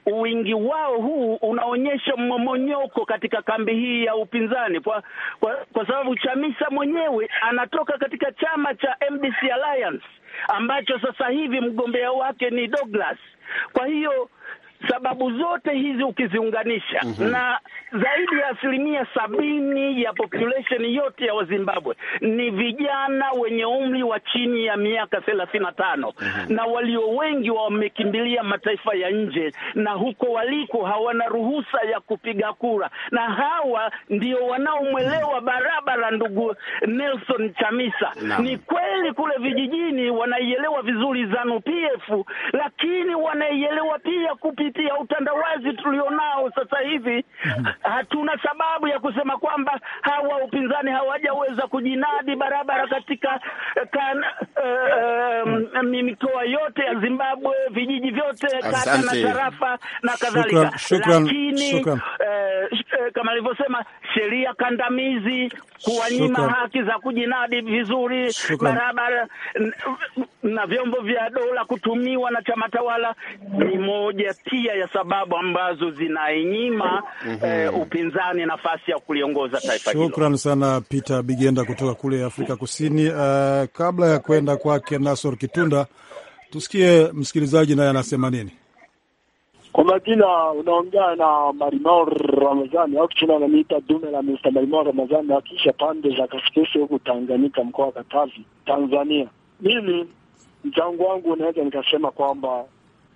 Speaker 5: uwingi wao huu unaonyesha mmomonyoko katika kambi hii ya upinzani kwa, kwa, kwa sababu Chamisa mwenyewe anatoka katika chama cha MDC Alliance ambacho sasa hivi mgombea wake ni Douglas. Kwa hiyo Sababu zote hizi ukiziunganisha mm -hmm. na zaidi ya asilimia sabini ya population yote ya Wazimbabwe ni vijana wenye umri wa chini ya miaka thelathini na tano mm -hmm. na walio wengi wamekimbilia mataifa ya nje, na huko waliko hawana ruhusa ya kupiga kura, na hawa ndio wanaomwelewa barabara ndugu Nelson Chamisa no. Ni kweli kule vijijini wanaielewa vizuri ZANU PF, lakini wanaielewa pia kupi kupitia utandawazi tulionao sasa hivi mhm. hatuna sababu ya kusema kwamba hawa upinzani hawajaweza kujinadi barabara katika eh, kan, uh, mikoa yote ya Zimbabwe, vijiji vyote, kata na tarafa na kadhalika, lakini Uh, kama alivyosema sheria kandamizi kuwanyima haki za kujinadi vizuri shukran. barabara na vyombo vya dola kutumiwa na chama tawala ni moja moja ya sababu ambazo zinainyima mm -hmm. eh, upinzani nafasi ya kuliongoza taifa hilo. Shukran
Speaker 2: sana Peter Bigenda kutoka kule Afrika Kusini. Uh, kabla ya kwenda kwake Nasor Kitunda, tusikie msikilizaji naye anasema nini.
Speaker 6: Kwa majina unaongea na Marimao Ramazani au kichina ananiita dume la Mr. Marimao Ramazani, akisha pande za kaskazini huku Tanganyika, mkoa wa Katavi, Tanzania. Mimi mchango wangu unaweza nikasema kwamba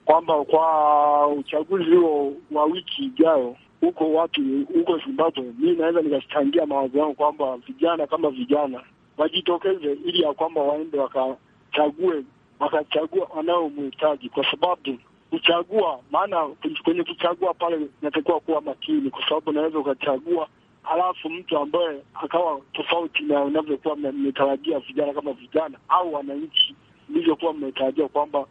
Speaker 6: kwamba kwa uchaguzi huo wa wiki ijayo huko watu huko Zimbabwe, mi naweza nikachangia mawazo yangu kwamba vijana kama vijana wajitokeze, ili ya kwamba waende wakachague, wakachagua wanayomhitaji, kwa sababu kuchagua, maana kwenye kuchagua pale natakiwa kuwa makini, kwa sababu unaweza ukachagua halafu mtu ambaye akawa tofauti na unavyokuwa mmetarajia, vijana kama vijana au wananchi mlivyokuwa mmetarajia kwamba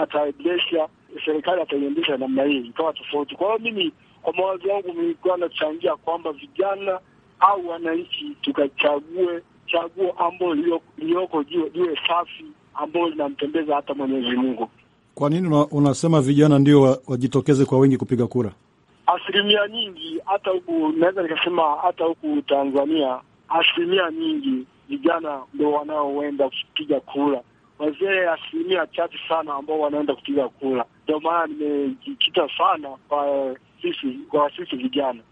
Speaker 6: ataendesha serikali ataiendesha namna hii ikawa tofauti. Kwa hiyo mimi kwa mawazo yangu nilikuwa nachangia kwamba vijana au wananchi tukachague chaguo ambayo iliyoko jiwe safi, ambayo linampendeza hata Mwenyezi Mungu.
Speaker 2: Kwa nini unasema vijana ndio wajitokeze kwa wingi kupiga kura?
Speaker 6: Asilimia nyingi hata huku naweza nikasema hata huku Tanzania asilimia nyingi vijana ndio wanaoenda kupiga kura wazee asilimia chache sana ambao wanaenda kupiga kura. Ndio maana nimejikita sana kwa sisi, kwa sisi vijana.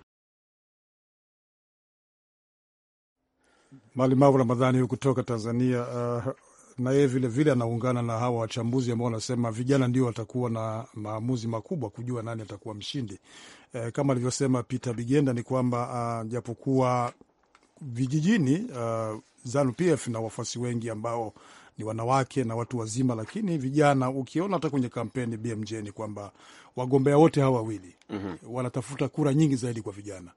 Speaker 2: Malimavu Ramadhani huyu kutoka Tanzania. Uh, na yeye vilevile anaungana na hawa wachambuzi ambao wanasema vijana ndio watakuwa na maamuzi makubwa kujua nani atakuwa mshindi. Uh, kama alivyosema Peter Bigenda ni kwamba uh, japokuwa vijijini uh, Zanu PF na wafuasi wengi ambao ni wanawake na watu wazima, lakini vijana ukiona hata kwenye kampeni BMJ ni kwamba wagombea wote hawa wawili mm -hmm. wanatafuta kura nyingi zaidi kwa vijana,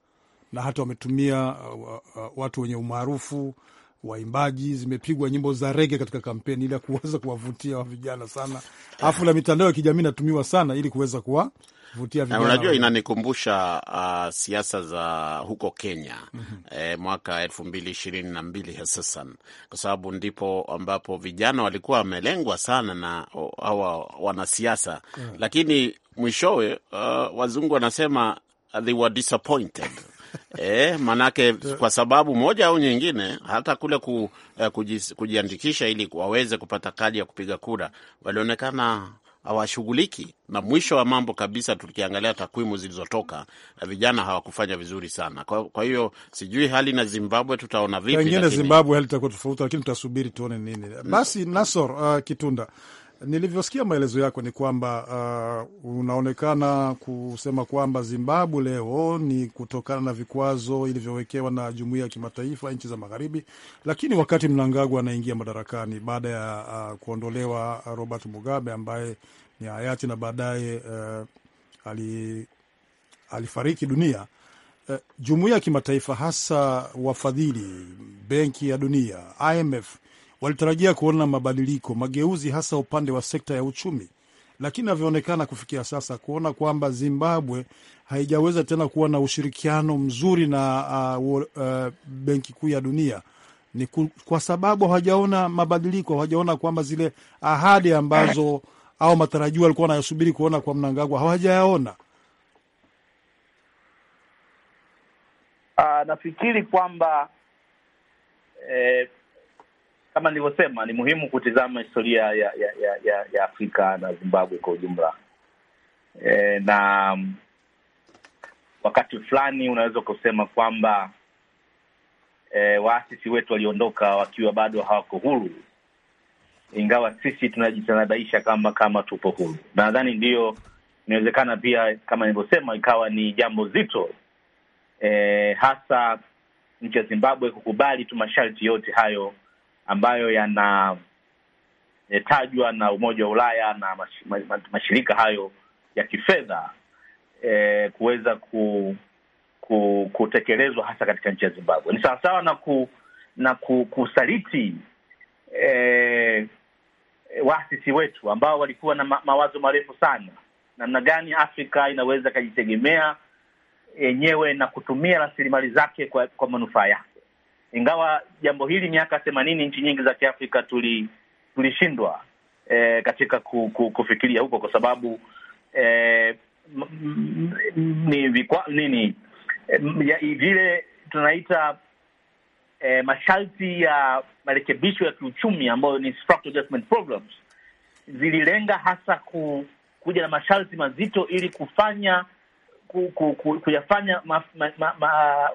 Speaker 2: na hata wametumia uh, uh, uh, watu wenye umaarufu waimbaji, zimepigwa nyimbo za rege katika kampeni ili kuweza kuwavutia wa vijana sana, alafu na mitandao ya kijamii inatumiwa sana ili kuweza kuwa kuvutia vijana. Unajua,
Speaker 3: inanikumbusha uh, siasa za huko Kenya mm -hmm. E, mwaka elfu mbili ishirini na mbili hususan kwa sababu ndipo ambapo vijana walikuwa wamelengwa sana na hawa wanasiasa mm -hmm. Lakini mwishowe uh, wazungu wanasema they were disappointed E, manake kwa sababu moja au nyingine, hata kule ku, eh, kujiandikisha ili waweze kupata kadi ya kupiga kura walionekana hawashughuliki na mwisho wa mambo kabisa, tukiangalia takwimu zilizotoka eh, vijana hawakufanya vizuri sana. Kwa, kwa hiyo sijui hali na Zimbabwe tutaona vipi, pengine Zimbabwe
Speaker 2: hali itakuwa tofauti, lakini tutasubiri tuone nini basi. Nasor uh, Kitunda Nilivyosikia maelezo yako ni kwamba uh, unaonekana kusema kwamba Zimbabwe leo ni kutokana na vikwazo ilivyowekewa na jumuiya ya kimataifa, nchi za magharibi. Lakini wakati Mnangagwa anaingia madarakani baada ya uh, kuondolewa uh, Robert Mugabe ambaye ni hayati na baadaye uh, ali, alifariki dunia uh, jumuiya ya kimataifa hasa wafadhili, Benki ya Dunia, IMF walitarajia kuona mabadiliko, mageuzi, hasa upande wa sekta ya uchumi, lakini inavyoonekana kufikia sasa, kuona kwamba Zimbabwe haijaweza tena kuwa na ushirikiano mzuri na uh, uh, Benki Kuu ya Dunia ni kwa sababu hawajaona mabadiliko, hawajaona kwamba zile ahadi ambazo au matarajio walikuwa wanayasubiri kuona kwa Mnangagwa hawajayaona.
Speaker 5: Uh, nafikiri kwamba
Speaker 4: eh, kama nilivyosema, ni muhimu kutizama historia ya ya, ya, ya, ya Afrika na Zimbabwe kwa ujumla e, na wakati fulani unaweza ukasema kwamba e, waasisi wetu waliondoka wakiwa bado hawako huru, ingawa sisi tunajitanabaisha kama kama tupo huru. Nadhani ndiyo inawezekana pia, kama nilivyosema, ikawa ni jambo zito e, hasa nchi ya Zimbabwe kukubali tu masharti yote hayo ambayo yanatajwa eh, na Umoja wa Ulaya na mashirika hayo ya kifedha e, kuweza ku, ku, kutekelezwa hasa katika nchi ya Zimbabwe ni sawasawa na ku, na ku, kusaliti e, waasisi wetu ambao walikuwa na ma, mawazo marefu sana namna gani Afrika inaweza ikajitegemea yenyewe na kutumia rasilimali zake kwa, kwa manufaa yake ingawa jambo hili miaka themanini nchi nyingi za Kiafrika tuli tulishindwa e, katika ku, ku, kufikiria huko kwa sababu e, ni vikwa, nini e, vile tunaita e, masharti ya marekebisho ya kiuchumi ambayo ni structural adjustment programs zililenga hasa ku, kuja na masharti mazito ili kufanya ku, ku, ku, kuyafanya ma, ma, ma, ma,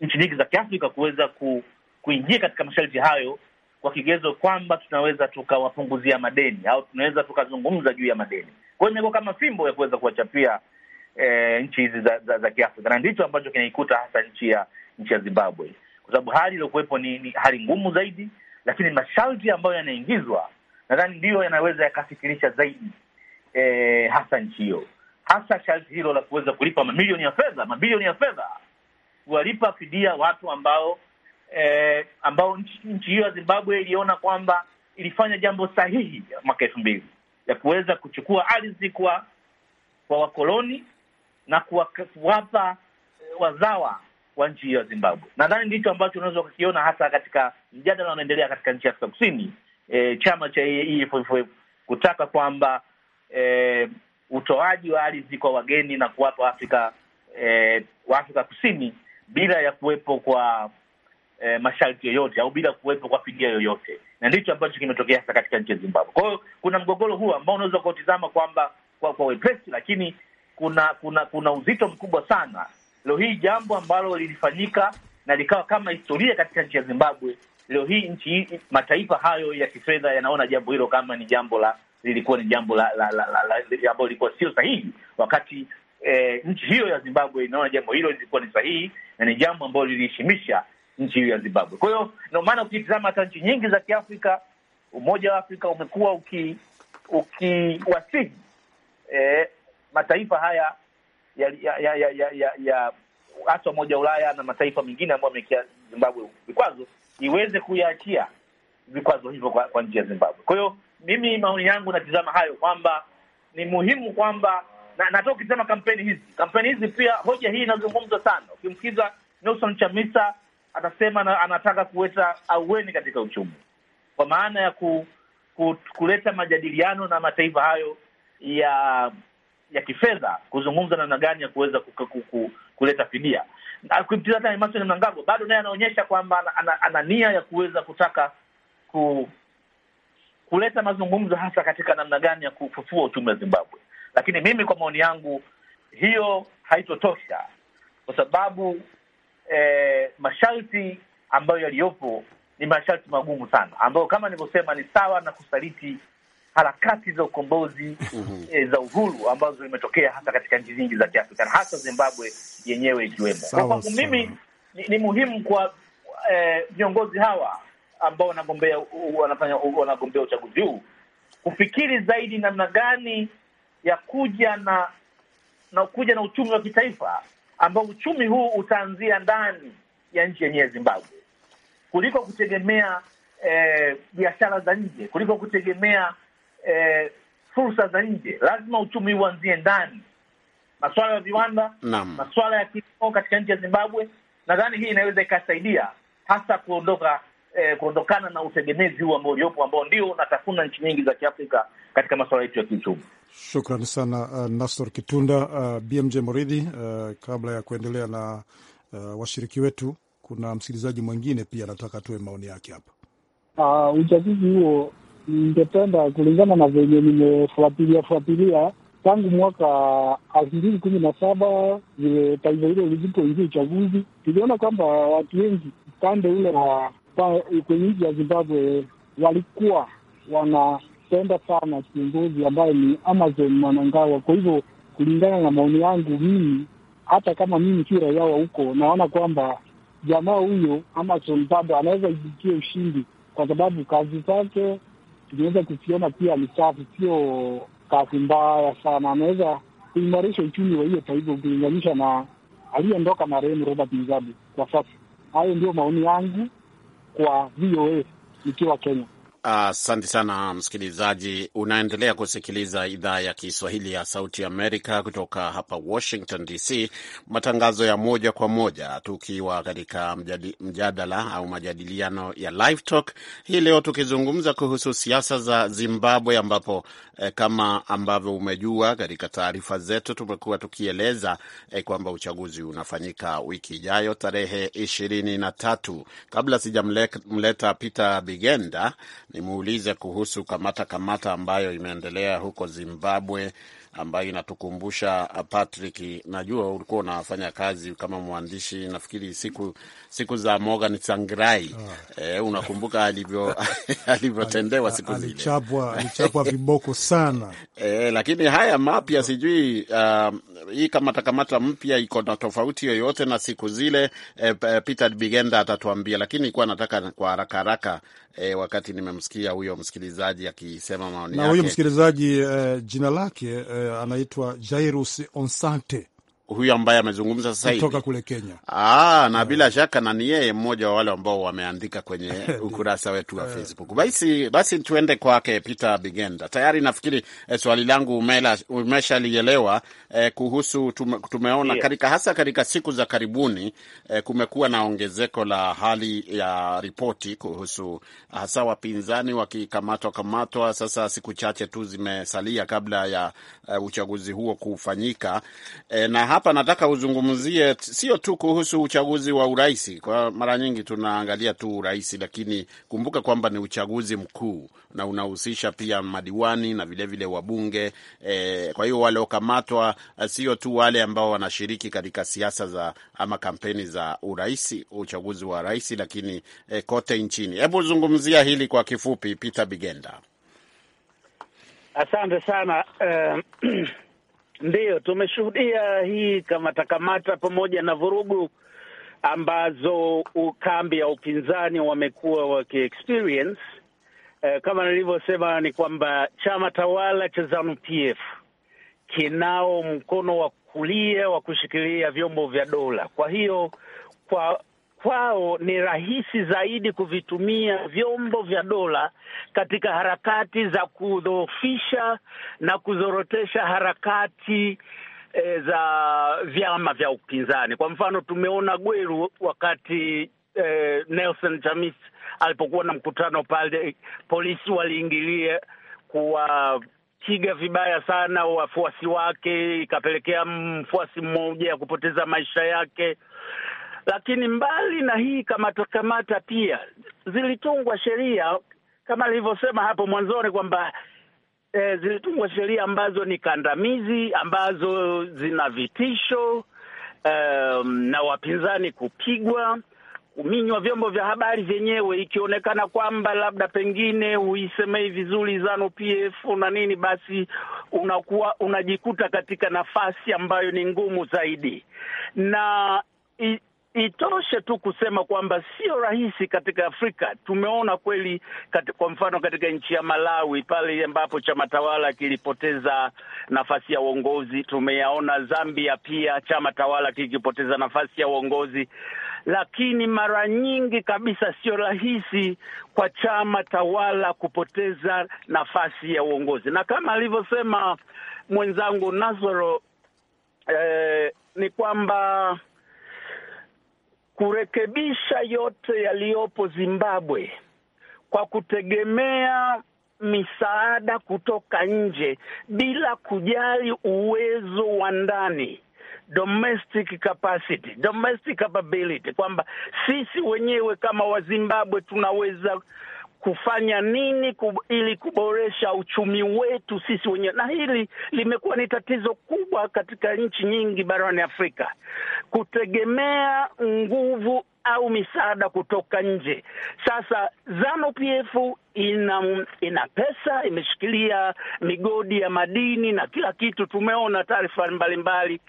Speaker 4: nchi nyingi za Kiafrika kuweza ku, kuingia katika masharti hayo kwa kigezo kwamba tunaweza tukawapunguzia madeni au tunaweza tukazungumza juu ya madeni. Kwa hiyo imekuwa kama fimbo ya kuweza kuwachapia e, nchi hizi za, za, za Kiafrika, na ndicho ambacho kinaikuta hasa nchi ya nchi ya Zimbabwe, kwa sababu hali iliyokuwepo ni, ni hali ngumu zaidi, lakini masharti ambayo yanaingizwa nadhani ndiyo yanaweza yakafikirisha zaidi e, hasa nchi hiyo, hasa sharti hilo la kuweza kulipa mamilioni ya fedha, mabilioni ya fedha kuwalipa fidia watu ambao eh, ambao nchi hiyo ya Zimbabwe iliona kwamba ilifanya jambo sahihi mwaka elfu mbili ya kuweza kuchukua ardhi kwa kwa wakoloni na kuwapa eh, wazawa wa nchi hiyo ya Zimbabwe. Nadhani ndicho ambacho unaweza ukakiona hasa katika mjadala unaoendelea katika nchi ya Afrika Kusini, e, chama cha EFF kutaka kwamba e, utoaji wa ardhi kwa wageni na kuwapa Afrika e, wa Afrika Kusini bila ya kuwepo kwa e, masharti yoyote au bila kuwepo kwa fidia yoyote, na ndicho ambacho kimetokea hasa katika nchi ya Zimbabwe. Kwa hiyo kuna mgogoro huu ambao unaweza ukautizama kwamba kwa, kwa wepesi, lakini kuna kuna kuna uzito mkubwa sana. Leo hii jambo ambalo lilifanyika na likawa kama historia katika nchi ya Zimbabwe, leo hii nchi mataifa hayo ya kifedha yanaona jambo hilo kama ni jambo la lilikuwa ni jambo la la la, la, la, la, ambalo lilikuwa sio sahihi, wakati eh, nchi hiyo ya Zimbabwe inaona jambo hilo lilikuwa ni sahihi na ni jambo ambalo liliheshimisha nchi hiyo ya Zimbabwe. Kwa hiyo ndio maana ukitizama hata nchi nyingi za Kiafrika, Umoja wa Afrika umekuwa uki- eh, mataifa haya ya ya ya ya, ya, ya, hasa Umoja wa Ulaya na mataifa mengine ambayo amewekea Zimbabwe vikwazo iweze kuyaachia vikwazo hivyo kwa, kwa nchi ya Zimbabwe. Kwa hiyo mimi maoni yangu natizama hayo kwamba ni muhimu kwamba na natoka ukitizama kampeni hizi, kampeni hizi pia hoja hii inazungumzwa sana. Ukimsikiza Nelson Chamisa atasema na, anataka kuweta aueni katika uchumi kwa maana ya ku, ku, kuleta majadiliano na mataifa hayo ya ya kifedha kuzungumza namna gani ya kuweza kuleta fidia. Ukimtizama Emmerson Mnangagwa bado naye anaonyesha kwamba ana, ana nia ya kuweza kutaka ku, kuleta mazungumzo hasa katika namna gani ya kufufua uchumi wa Zimbabwe. Lakini mimi kwa maoni yangu hiyo haitotosha kwa sababu eh, masharti ambayo yaliyopo ni masharti magumu sana, ambayo kama nilivyosema ni sawa na kusaliti harakati za ukombozi e, za uhuru ambazo zimetokea hasa katika nchi nyingi za Kiafrika na hasa Zimbabwe yenyewe ikiwemo. Kwa kwangu mimi ni, ni muhimu kwa eh, viongozi eh, hawa ambao wanagombea wanafanya wanagombea uchaguzi huu kufikiri zaidi namna gani ya kuja na na kuja na uchumi wa kitaifa ambao uchumi huu utaanzia ndani ya nchi yenyewe Zimbabwe, kuliko kutegemea eh, biashara eh, za nje, kuliko kutegemea eh, fursa za nje. Lazima uchumi uanzie ndani, masuala ya viwanda, masuala ya kilimo katika nchi ya Zimbabwe. Nadhani hii inaweza ikasaidia hasa kuondoka eh, kuondokana na utegemezi huu ambao uliopo ambao ndio unatafuna nchi nyingi za Kiafrika katika masuala yetu ya kiuchumi.
Speaker 2: Shukran sana uh, Nasor Kitunda, uh, BMJ Moridhi. Uh, kabla ya kuendelea na uh, washiriki wetu, kuna msikilizaji mwingine pia anataka tuwe maoni yake hapa.
Speaker 6: Uh, uchaguzi huo ningependa, kulingana na venye nimefuatilia fuatilia tangu mwaka elfu mbili kumi na saba vile taifa hilo lilipoingia uchaguzi, tuliona kwamba watu wengi upande ule wa kwenye nchi ya Zimbabwe walikuwa wana napenda sana kiongozi ambaye ni Amazon Mwanangawa. Kwa hivyo kulingana na maoni yangu mimi, hata kama mimi si raia wa huko, naona kwamba jamaa huyo Amazon bado anaweza ijikia ushindi, kwa sababu kazi zake tunaweza kukiona pia ni safi, sio kazi mbaya sana. Anaweza kuimarisha uchumi wa hiyo taifa ukilinganisha na aliyeondoka marehemu Robert Mugabe. Kwa sasa hayo ndio maoni yangu kwa VOA nikiwa Kenya.
Speaker 3: Asante uh, sana msikilizaji, unaendelea kusikiliza idhaa ya Kiswahili ya Sauti Amerika kutoka hapa Washington DC, matangazo ya moja kwa moja, tukiwa katika mjadala au majadiliano ya Live Talk hii leo, tukizungumza kuhusu siasa za Zimbabwe, ambapo eh, kama ambavyo umejua katika taarifa zetu tumekuwa tukieleza eh, kwamba uchaguzi unafanyika wiki ijayo tarehe ishirini na tatu. Kabla sijamleta Peter Bigenda nimuulize kuhusu kamata kamata ambayo imeendelea huko Zimbabwe ambayo inatukumbusha uh, Patrick, najua ulikuwa unafanya kazi kama mwandishi, nafikiri siku siku za Morgan Tsvangirai ah. E, unakumbuka alivyo alivyotendewa siku zile,
Speaker 2: alichapwa alichapwa viboko sana
Speaker 3: e, lakini haya mapya sijui uh, hii kamatakamata mpya iko na tofauti yoyote na siku zile e, Peter Bigenda atatuambia, lakini nilikuwa nataka kwa haraka haraka e, wakati nimemsikia huyo msikilizaji akisema maoni yake na huyo msikilizaji
Speaker 2: uh, jina lake uh, eh, anaitwa Jairus Onsante
Speaker 3: huyu ambaye amezungumza sasa hivi kutoka kule Kenya. Aa, ah, na yeah. Bila shaka na ni yeye mmoja wa wale ambao wameandika kwenye ukurasa wetu wa eh. Facebook. Basi, basi tuende kwake Peter Bigenda. Tayari nafikiri eh, swali langu umeshalielewa eh, kuhusu tume, tumeona yeah. Katika hasa katika siku za karibuni eh, kumekuwa na ongezeko la hali ya ripoti kuhusu hasa wapinzani wakikamatwa kamatwa. Sasa siku chache tu zimesalia kabla ya eh, uchaguzi huo kufanyika eh, na hapa nataka uzungumzie sio tu kuhusu uchaguzi wa urais. Kwa mara nyingi tunaangalia tu urais, lakini kumbuka kwamba ni uchaguzi mkuu na unahusisha pia madiwani na vilevile vile wabunge e, kwa hiyo waliokamatwa eh, sio tu wale ambao wanashiriki katika siasa za ama kampeni za urais, uchaguzi wa rais, lakini e, kote nchini. Hebu zungumzia hili kwa kifupi, Peter Bigenda.
Speaker 5: Asante sana Ndiyo, tumeshuhudia hii kamatakamata pamoja na vurugu ambazo kambi ya upinzani wamekuwa wakiexperience. Eh, kama nilivyosema ni kwamba chama tawala cha ZANU PF kinao mkono wa kulia wa kushikilia vyombo vya dola. Kwa hiyo kwa kwao ni rahisi zaidi kuvitumia vyombo vya dola katika harakati za kudhoofisha na kuzorotesha harakati e, za vyama vya upinzani. Kwa mfano, tumeona Gweru wakati e, Nelson Chamisi alipokuwa na mkutano pale, polisi waliingilia kuwa piga vibaya sana wafuasi wake, ikapelekea mfuasi mmoja ya kupoteza maisha yake. Lakini mbali na hii kamata kamata, pia zilitungwa sheria kama nilivyosema hapo mwanzoni kwamba e, zilitungwa sheria ambazo ni kandamizi, ambazo zina vitisho e, na wapinzani kupigwa, kuminywa vyombo vya habari vyenyewe, ikionekana kwamba labda pengine huisemei vizuri Zanu PF na nini, basi unakuwa unajikuta katika nafasi ambayo ni ngumu zaidi na Itoshe tu kusema kwamba sio rahisi katika Afrika. Tumeona kweli kat, kwa mfano katika nchi ya Malawi pale ambapo chama tawala kilipoteza nafasi ya uongozi. Tumeyaona Zambia pia chama tawala kikipoteza nafasi ya uongozi, lakini mara nyingi kabisa sio rahisi kwa chama tawala kupoteza nafasi ya uongozi, na kama alivyosema mwenzangu Nazaro eh, ni kwamba kurekebisha yote yaliyopo Zimbabwe kwa kutegemea misaada kutoka nje bila kujali uwezo wa ndani domestic capacity, domestic capability, kwamba sisi wenyewe kama Wazimbabwe tunaweza kufanya nini kub, ili kuboresha uchumi wetu sisi wenyewe, na hili limekuwa ni tatizo kubwa katika nchi nyingi barani Afrika, kutegemea nguvu au misaada kutoka nje. Sasa ZANU-PF ina, ina pesa, imeshikilia migodi ya madini na kila kitu. Tumeona taarifa mbalimbali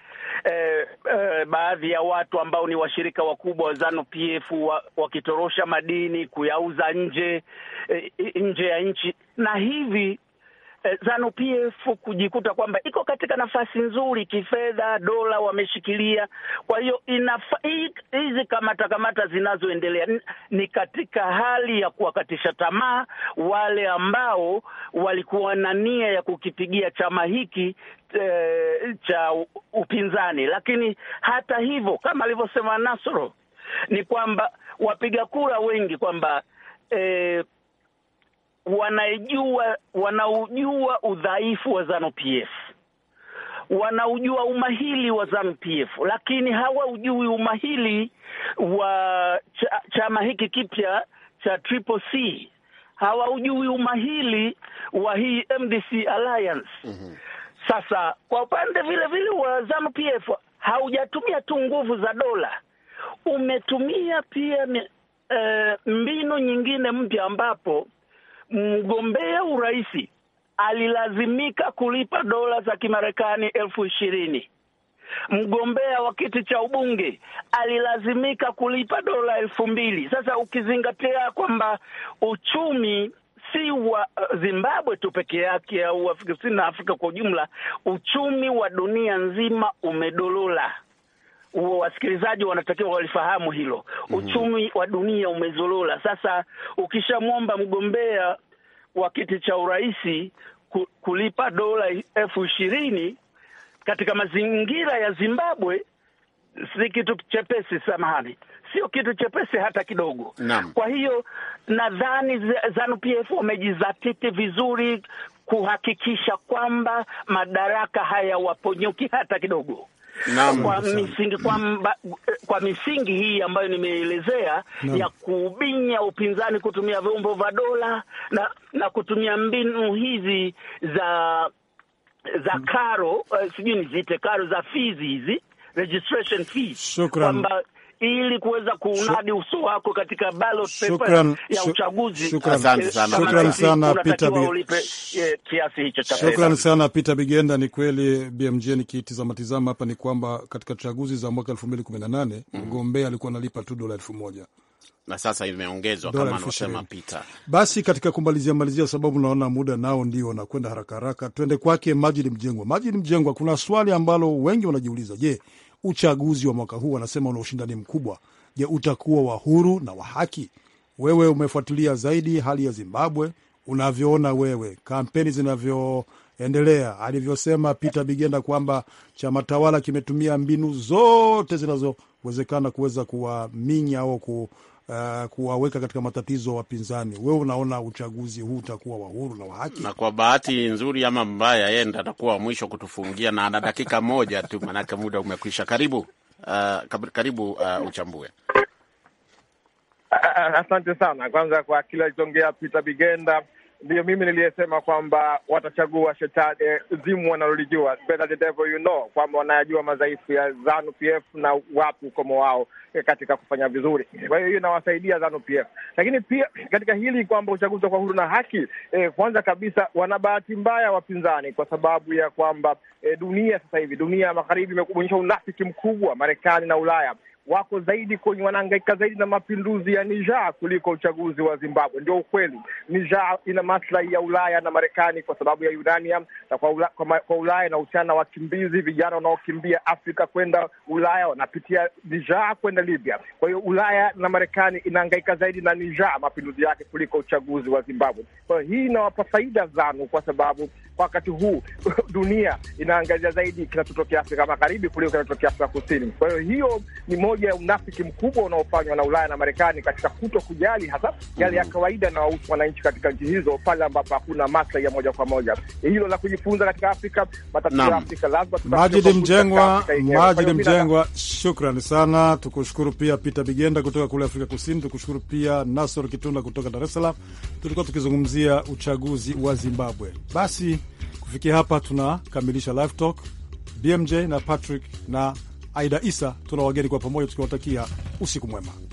Speaker 5: eh, eh, baadhi ya watu ambao ni washirika wakubwa wa ZANU-PF wakitorosha wa madini kuyauza nje eh, nje ya nchi na hivi Eh, Zanu PF kujikuta kwamba iko katika nafasi nzuri kifedha, dola wameshikilia. Kwa hiyo hizi kamata kamata zinazoendelea ni katika hali ya kuwakatisha tamaa wale ambao walikuwa na nia ya kukipigia chama hiki e, cha upinzani. Lakini hata hivyo, kama alivyosema Nasoro, ni kwamba wapiga kura wengi kwamba e, wanaijua wanaujua udhaifu wa Zanu PF, wanaujua umahili wa Zanu PF, lakini hawaujui umahili wa chama hiki kipya cha Triple C, hawaujui umahili wa hii MDC Alliance. Mm-hmm. Sasa kwa upande vile vile wa Zanu PF haujatumia tu nguvu za dola, umetumia pia e, mbinu nyingine mpya ambapo mgombea uraisi alilazimika kulipa dola za Kimarekani elfu ishirini. Mgombea wa kiti cha ubunge alilazimika kulipa dola elfu mbili. Sasa ukizingatia kwamba uchumi si wa Zimbabwe tu peke yake au Afrika Kusini na Afrika kwa ujumla, uchumi wa dunia nzima umedolola wasikilizaji wanatakiwa walifahamu hilo. Mhm. Uchumi wa dunia umezorora. Sasa ukishamwomba mgombea wa kiti cha urais kulipa dola elfu ishirini katika mazingira ya Zimbabwe si kitu chepesi, samahani, sio kitu chepesi hata kidogo. Naam. Kwa hiyo nadhani Zanu PF wamejizatiti vizuri kuhakikisha kwamba madaraka haya hata kidogo kwa misingi kwa, mba, kwa misingi hii ambayo nimeelezea ya kubinya upinzani kutumia vyombo vya dola na, na kutumia mbinu hizi za za mm. karo uh, sijui nizite karo za fees hizi registration fees, kwamba ili kuweza kuunadi uso wako katika ballot paper ya uchaguzi. Shukran
Speaker 2: sana Peter Bigenda. Ni kweli BMJ, nikitizama tizama hapa ni kwamba katika chaguzi za mwaka 2018 mhm. mgombea alikuwa analipa tu dola 1000 na sasa
Speaker 3: imeongezwa kama anasema Pita.
Speaker 2: Basi katika kumalizia malizia, sababu naona muda nao ndio wanakwenda haraka haraka, twende kwake Majid Mjengwa. Majid Mjengwa, kuna swali ambalo wengi wanajiuliza, je, uchaguzi wa mwaka huu wanasema una ushindani mkubwa. Je, utakuwa wa huru na wa haki? Wewe umefuatilia zaidi hali ya Zimbabwe, unavyoona wewe kampeni zinavyoendelea, alivyosema Peter Bigenda kwamba chama tawala kimetumia mbinu zote zinazowezekana kuweza kuwaminya au uh, kuwaweka katika matatizo wapinzani. Wewe unaona uchaguzi huu utakuwa wa huru na wa
Speaker 3: haki? Na kwa bahati nzuri ama mbaya, yeye ndo atakuwa mwisho kutufungia na ana dakika moja tu, maanake muda umekwisha. Karibu uh, karibu uh, uchambue.
Speaker 1: Asante sana kwanza kwa kila alichoongea Peter Bigenda Ndiyo, mimi niliyesema kwamba watachagua shetani zimu wanalolijua, better the devil you know, kwamba wanayajua madhaifu ya Zanu PF na wapi ukomo wao e, katika kufanya vizuri. Kwa hiyo hiyo inawasaidia Zanu PF, lakini pia katika hili kwamba uchaguzi kwa huru na haki eh, kwanza kabisa wana bahati mbaya wapinzani, kwa sababu ya kwamba eh, dunia sasa hivi, dunia ya magharibi imeonyesha unafiki mkubwa, Marekani na Ulaya wako zaidi kwenye, wanaangaika zaidi na mapinduzi ya nijaa kuliko uchaguzi wa Zimbabwe. Ndio ukweli. Niger ina maslahi ya Ulaya na Marekani kwa sababu ya uranium, na kwa Ulaya, kwa Ulaya inahusiana na wakimbizi, vijana wanaokimbia Afrika kwenda Ulaya wanapitia Niger kwenda Libya. Kwa hiyo Ulaya na Marekani inaangaika zaidi na nija mapinduzi yake, kuliko uchaguzi wa Zimbabwe. Kwa hiyo hii inawapa faida ZANU kwa sababu kwa wakati huu dunia inaangazia zaidi kinachotokea Afrika Magharibi kuliko kinachotokea Afrika Kusini. Kwa hiyo hiyo ni moja ya unafiki mkubwa unaofanywa na Ulaya na Marekani katika kuto kujali hasa yale ya mm. kawaida na wananchi katika nchi hizo, pale ambapo hakuna maslahi ya moja kwa moja. Hilo la kujifunza katika Afrika, matatizo ya Afrika lazima Majidi Mjengwa, Majidi Mjengwa,
Speaker 2: shukrani sana. Tukushukuru pia Peter Bigenda kutoka kule Afrika Kusini, tukushukuru pia Nasor Kitunda kutoka Dar es Salaam. Tulikuwa tukizungumzia uchaguzi wa Zimbabwe. Basi Kufikia hapa tunakamilisha live talk. BMJ na Patrick na Aida Isa tuna wageni kwa pamoja tukiwatakia usiku mwema.